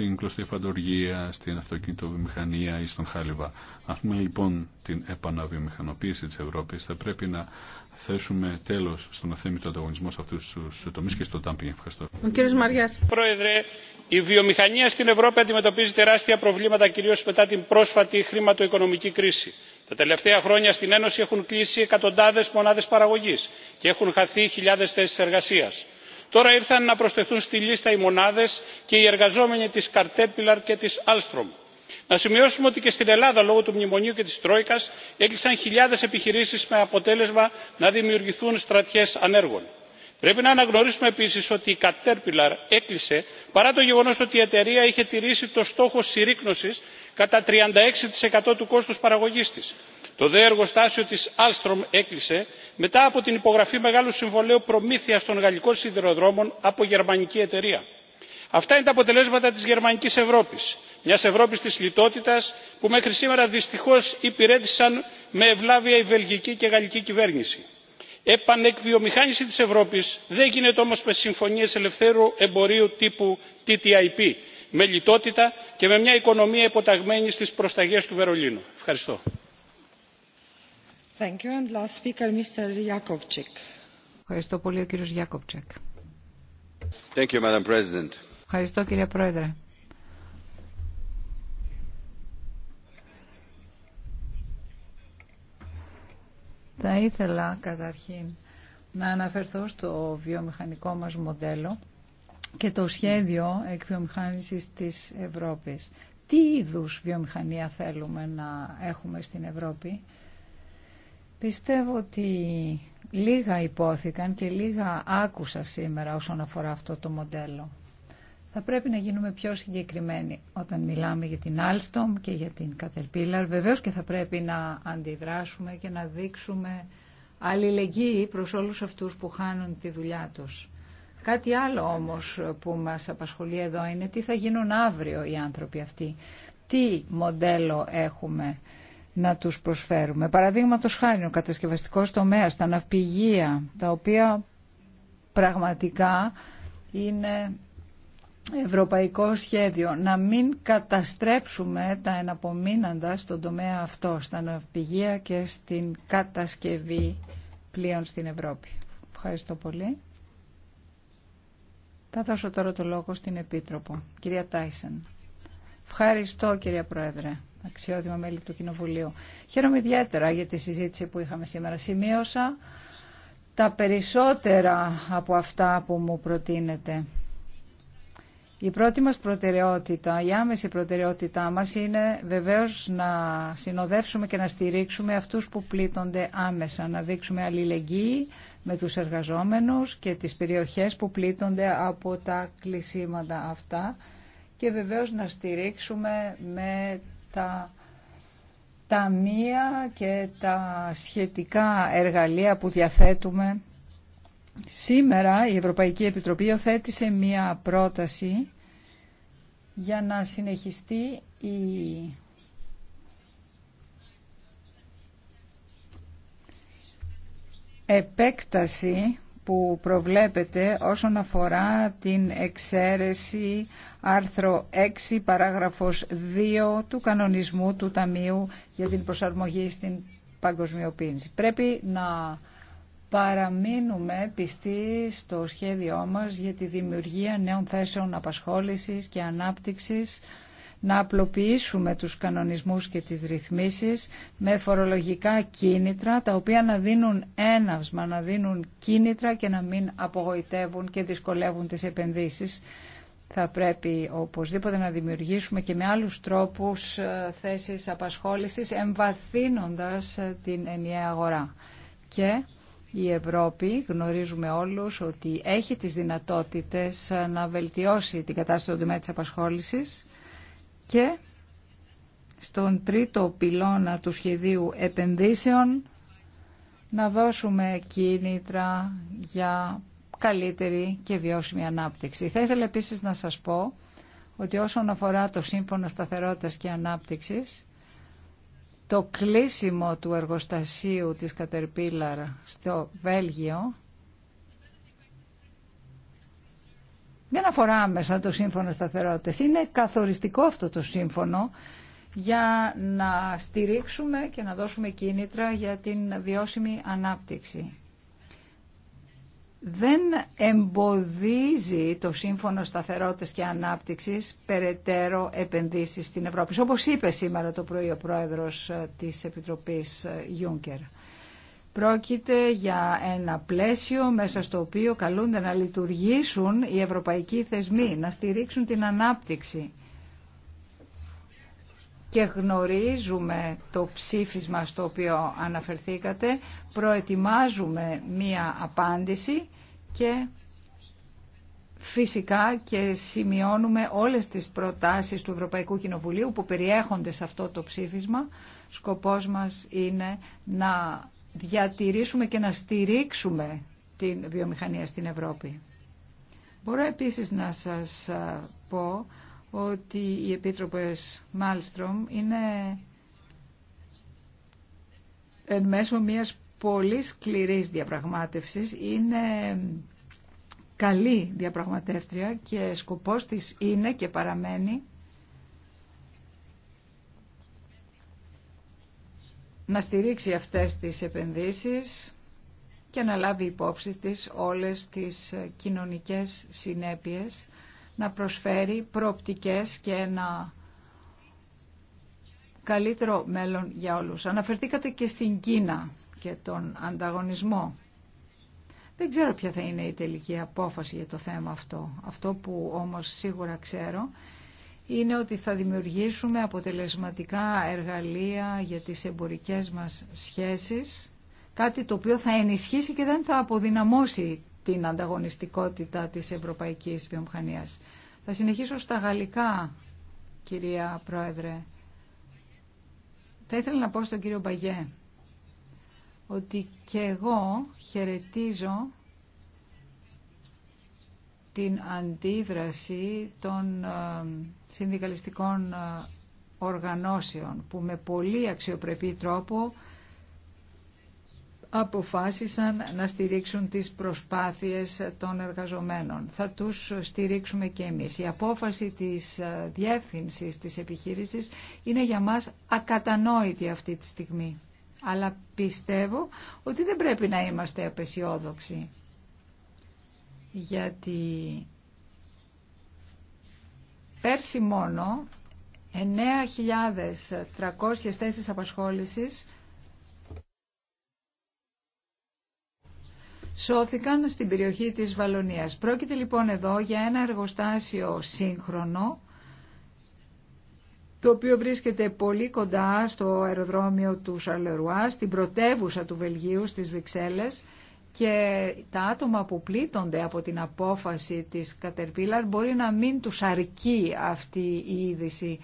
στην κλωστή φαντοργία, στην αυτοκινητοβιομηχανία ή στον χάλιβα. Αν θέλουμε λοιπόν την επαναβιομηχανοποίηση της Ευρώπης θα πρέπει να θέσουμε τέλος στον αθέμητο ανταγωνισμό σε αυτούς τους τομείς και στο τάμπινγκ. Ευχαριστώ. Ο κύριος Μαριάς. Πρόεδρε, η βιομηχανία στην Ευρώπη αντιμετωπίζει τεράστια προβλήματα κυρίως μετά την πρόσφατη χρηματοοικονομική κρίση. Τα τελευταία χρόνια στην Ένωση έχουν κλείσει εκατοντάδες μονάδες παραγωγής και έχουν χαθεί χιλιάδες θέσεις εργασίας τώρα ήρθαν να προσθεθούν στη λίστα οι μονάδε και οι εργαζόμενοι τη caterpillar και τη alstom. να σημειώσουμε ότι και στην ελλάδα λόγω του μνημονίου και τη Τρόικα έκλεισαν χιλιάδε επιχειρήσει με αποτέλεσμα να δημιουργηθούν στρατιέ ανέργων. πρέπει να αναγνωρίσουμε επίση ότι η caterpillar έκλεισε παρά το γεγονό ότι η εταιρεία είχε τηρήσει το στόχο συρρήκνωση κατά 36% του κόστου παραγωγή τη το δε εργοστάσιο της alstom έκλεισε μετά από την υπογραφή μεγάλου συμβολέου προμήθειας των γαλλικών σιδηροδρόμων από γερμανική εταιρεία. αυτά είναι τα αποτελέσματα της γερμανικής ευρώπης μιας ευρώπης της λιτότητας που μέχρι σήμερα δυστυχώς υπηρέτησαν με ευλάβεια η βελγική και γαλλική κυβέρνηση. επανεκβιομηχάνηση της ευρώπης δεν γίνεται όμως με συμφωνίες ελευθέρου εμπορίου τύπου ttip με λιτότητα και με μια οικονομία υποταγμένη στις προσταγές του βερολίνου. ευχαριστώ. Ευχαριστώ πολύ ο κύριος Γιάκοβτσεκ. Ευχαριστώ κύριε Πρόεδρε. Θα ήθελα καταρχήν να αναφερθώ στο βιομηχανικό μας μοντέλο και το σχέδιο εκβιομηχάνησης της Ευρώπης. Τι είδους βιομηχανία θέλουμε να έχουμε στην Ευρώπη. Πιστεύω ότι λίγα υπόθηκαν και λίγα άκουσα σήμερα όσον αφορά αυτό το μοντέλο. Θα πρέπει να γίνουμε πιο συγκεκριμένοι όταν μιλάμε για την Alstom και για την Caterpillar. Βεβαίως και θα πρέπει να αντιδράσουμε και να δείξουμε αλληλεγγύη προς όλους αυτούς που χάνουν τη δουλειά τους. Κάτι άλλο όμως που μας απασχολεί εδώ είναι τι θα γίνουν αύριο οι άνθρωποι αυτοί. Τι μοντέλο έχουμε να τους προσφέρουμε. Παραδείγματος χάρη ο κατασκευαστικός τομέας, τα ναυπηγεία, τα οποία πραγματικά είναι ευρωπαϊκό σχέδιο. Να μην καταστρέψουμε τα εναπομείναντα στον τομέα αυτό, στα ναυπηγεία και στην κατασκευή πλοίων στην Ευρώπη. Ευχαριστώ πολύ. Θα δώσω τώρα το λόγο στην Επίτροπο, κυρία Τάισεν. Ευχαριστώ κυρία Πρόεδρε αξιότιμα μέλη του Κοινοβουλίου. Χαίρομαι ιδιαίτερα για τη συζήτηση που είχαμε σήμερα. Σημείωσα τα περισσότερα από αυτά που μου προτείνετε. Η πρώτη μας προτεραιότητα, η άμεση προτεραιότητά μας είναι βεβαίως να συνοδεύσουμε και να στηρίξουμε αυτούς που πλήττονται άμεσα, να δείξουμε αλληλεγγύη με τους εργαζόμενους και τις περιοχές που πλήττονται από τα κλεισίματα αυτά και βεβαίως να στηρίξουμε με τα ταμεία και τα σχετικά εργαλεία που διαθέτουμε. Σήμερα η Ευρωπαϊκή Επιτροπή οθέτησε μία πρόταση για να συνεχιστεί η επέκταση που προβλέπεται όσον αφορά την εξαίρεση άρθρο 6 παράγραφος 2 του κανονισμού του Ταμείου για την προσαρμογή στην παγκοσμιοποίηση. Πρέπει να παραμείνουμε πιστοί στο σχέδιό μας για τη δημιουργία νέων θέσεων απασχόλησης και ανάπτυξης να απλοποιήσουμε τους κανονισμούς και τις ρυθμίσεις με φορολογικά κίνητρα τα οποία να δίνουν έναυσμα, να δίνουν κίνητρα και να μην απογοητεύουν και δυσκολεύουν τις επενδύσεις. Θα πρέπει οπωσδήποτε να δημιουργήσουμε και με άλλους τρόπους ε, θέσεις απασχόλησης εμβαθύνοντας ε, την ενιαία αγορά. Και η Ευρώπη γνωρίζουμε όλους ότι έχει τις δυνατότητες ε, να βελτιώσει την κατάσταση του τομέα της απασχόλησης και στον τρίτο πυλώνα του σχεδίου επενδύσεων να δώσουμε κίνητρα για καλύτερη και βιώσιμη ανάπτυξη. Θα ήθελα επίσης να σας πω ότι όσον αφορά το Σύμφωνο Σταθερότητας και Ανάπτυξης, το κλείσιμο του εργοστασίου της Κατερπίλαρ στο Βέλγιο δεν αφορά άμεσα το σύμφωνο σταθερότητας. Είναι καθοριστικό αυτό το σύμφωνο για να στηρίξουμε και να δώσουμε κίνητρα για την βιώσιμη ανάπτυξη. Δεν εμποδίζει το Σύμφωνο Σταθερότητας και Ανάπτυξης περαιτέρω επενδύσεις στην Ευρώπη. Όπως είπε σήμερα το πρωί ο πρόεδρος της Επιτροπής Γιούγκερ. Πρόκειται για ένα πλαίσιο μέσα στο οποίο καλούνται να λειτουργήσουν οι ευρωπαϊκοί θεσμοί, να στηρίξουν την ανάπτυξη. Και γνωρίζουμε το ψήφισμα στο οποίο αναφερθήκατε, προετοιμάζουμε μία απάντηση και φυσικά και σημειώνουμε όλες τις προτάσεις του Ευρωπαϊκού Κοινοβουλίου που περιέχονται σε αυτό το ψήφισμα. Σκοπός μας είναι να διατηρήσουμε και να στηρίξουμε την βιομηχανία στην Ευρώπη. Μπορώ επίσης να σας πω ότι οι Επίτροπες Μάλστρομ είναι εν μέσω μιας πολύ σκληρής διαπραγμάτευσης. Είναι καλή διαπραγματεύτρια και σκοπός της είναι και παραμένει να στηρίξει αυτές τις επενδύσεις και να λάβει υπόψη της όλες τις κοινωνικές συνέπειες, να προσφέρει προοπτικές και ένα καλύτερο μέλλον για όλους. Αναφερθήκατε και στην Κίνα και τον ανταγωνισμό. Δεν ξέρω ποια θα είναι η τελική απόφαση για το θέμα αυτό. Αυτό που όμως σίγουρα ξέρω είναι ότι θα δημιουργήσουμε αποτελεσματικά εργαλεία για τις εμπορικές μας σχέσεις, κάτι το οποίο θα ενισχύσει και δεν θα αποδυναμώσει την ανταγωνιστικότητα της ευρωπαϊκής βιομηχανίας. Θα συνεχίσω στα γαλλικά, κυρία Πρόεδρε. Θα ήθελα να πω στον κύριο Μπαγιέ ότι και εγώ χαιρετίζω την αντίδραση των ε, συνδικαλιστικών ε, οργανώσεων που με πολύ αξιοπρεπή τρόπο αποφάσισαν να στηρίξουν τις προσπάθειες των εργαζομένων. Θα τους στηρίξουμε και εμείς. Η απόφαση της ε, διεύθυνσης της επιχείρησης είναι για μας ακατανόητη αυτή τη στιγμή. Αλλά πιστεύω ότι δεν πρέπει να είμαστε απεσιόδοξοι γιατί πέρσι μόνο 9.300 θέσεις απασχόλησης σώθηκαν στην περιοχή της Βαλονίας. Πρόκειται λοιπόν εδώ για ένα εργοστάσιο σύγχρονο το οποίο βρίσκεται πολύ κοντά στο αεροδρόμιο του Σαρλερουά, στην πρωτεύουσα του Βελγίου, στις Βρυξέλλες, και τα άτομα που πλήττονται από την απόφαση της Κατερπίλαρ μπορεί να μην τους αρκεί αυτή η είδηση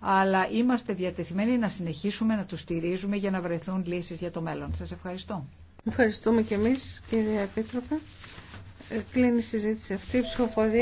αλλά είμαστε διατεθειμένοι να συνεχίσουμε να τους στηρίζουμε για να βρεθούν λύσεις για το μέλλον. Σας ευχαριστώ. Ευχαριστούμε και εμείς κύριε Επίτροπε. Ε, κλείνει η συζήτηση αυτή. ψηφοφορία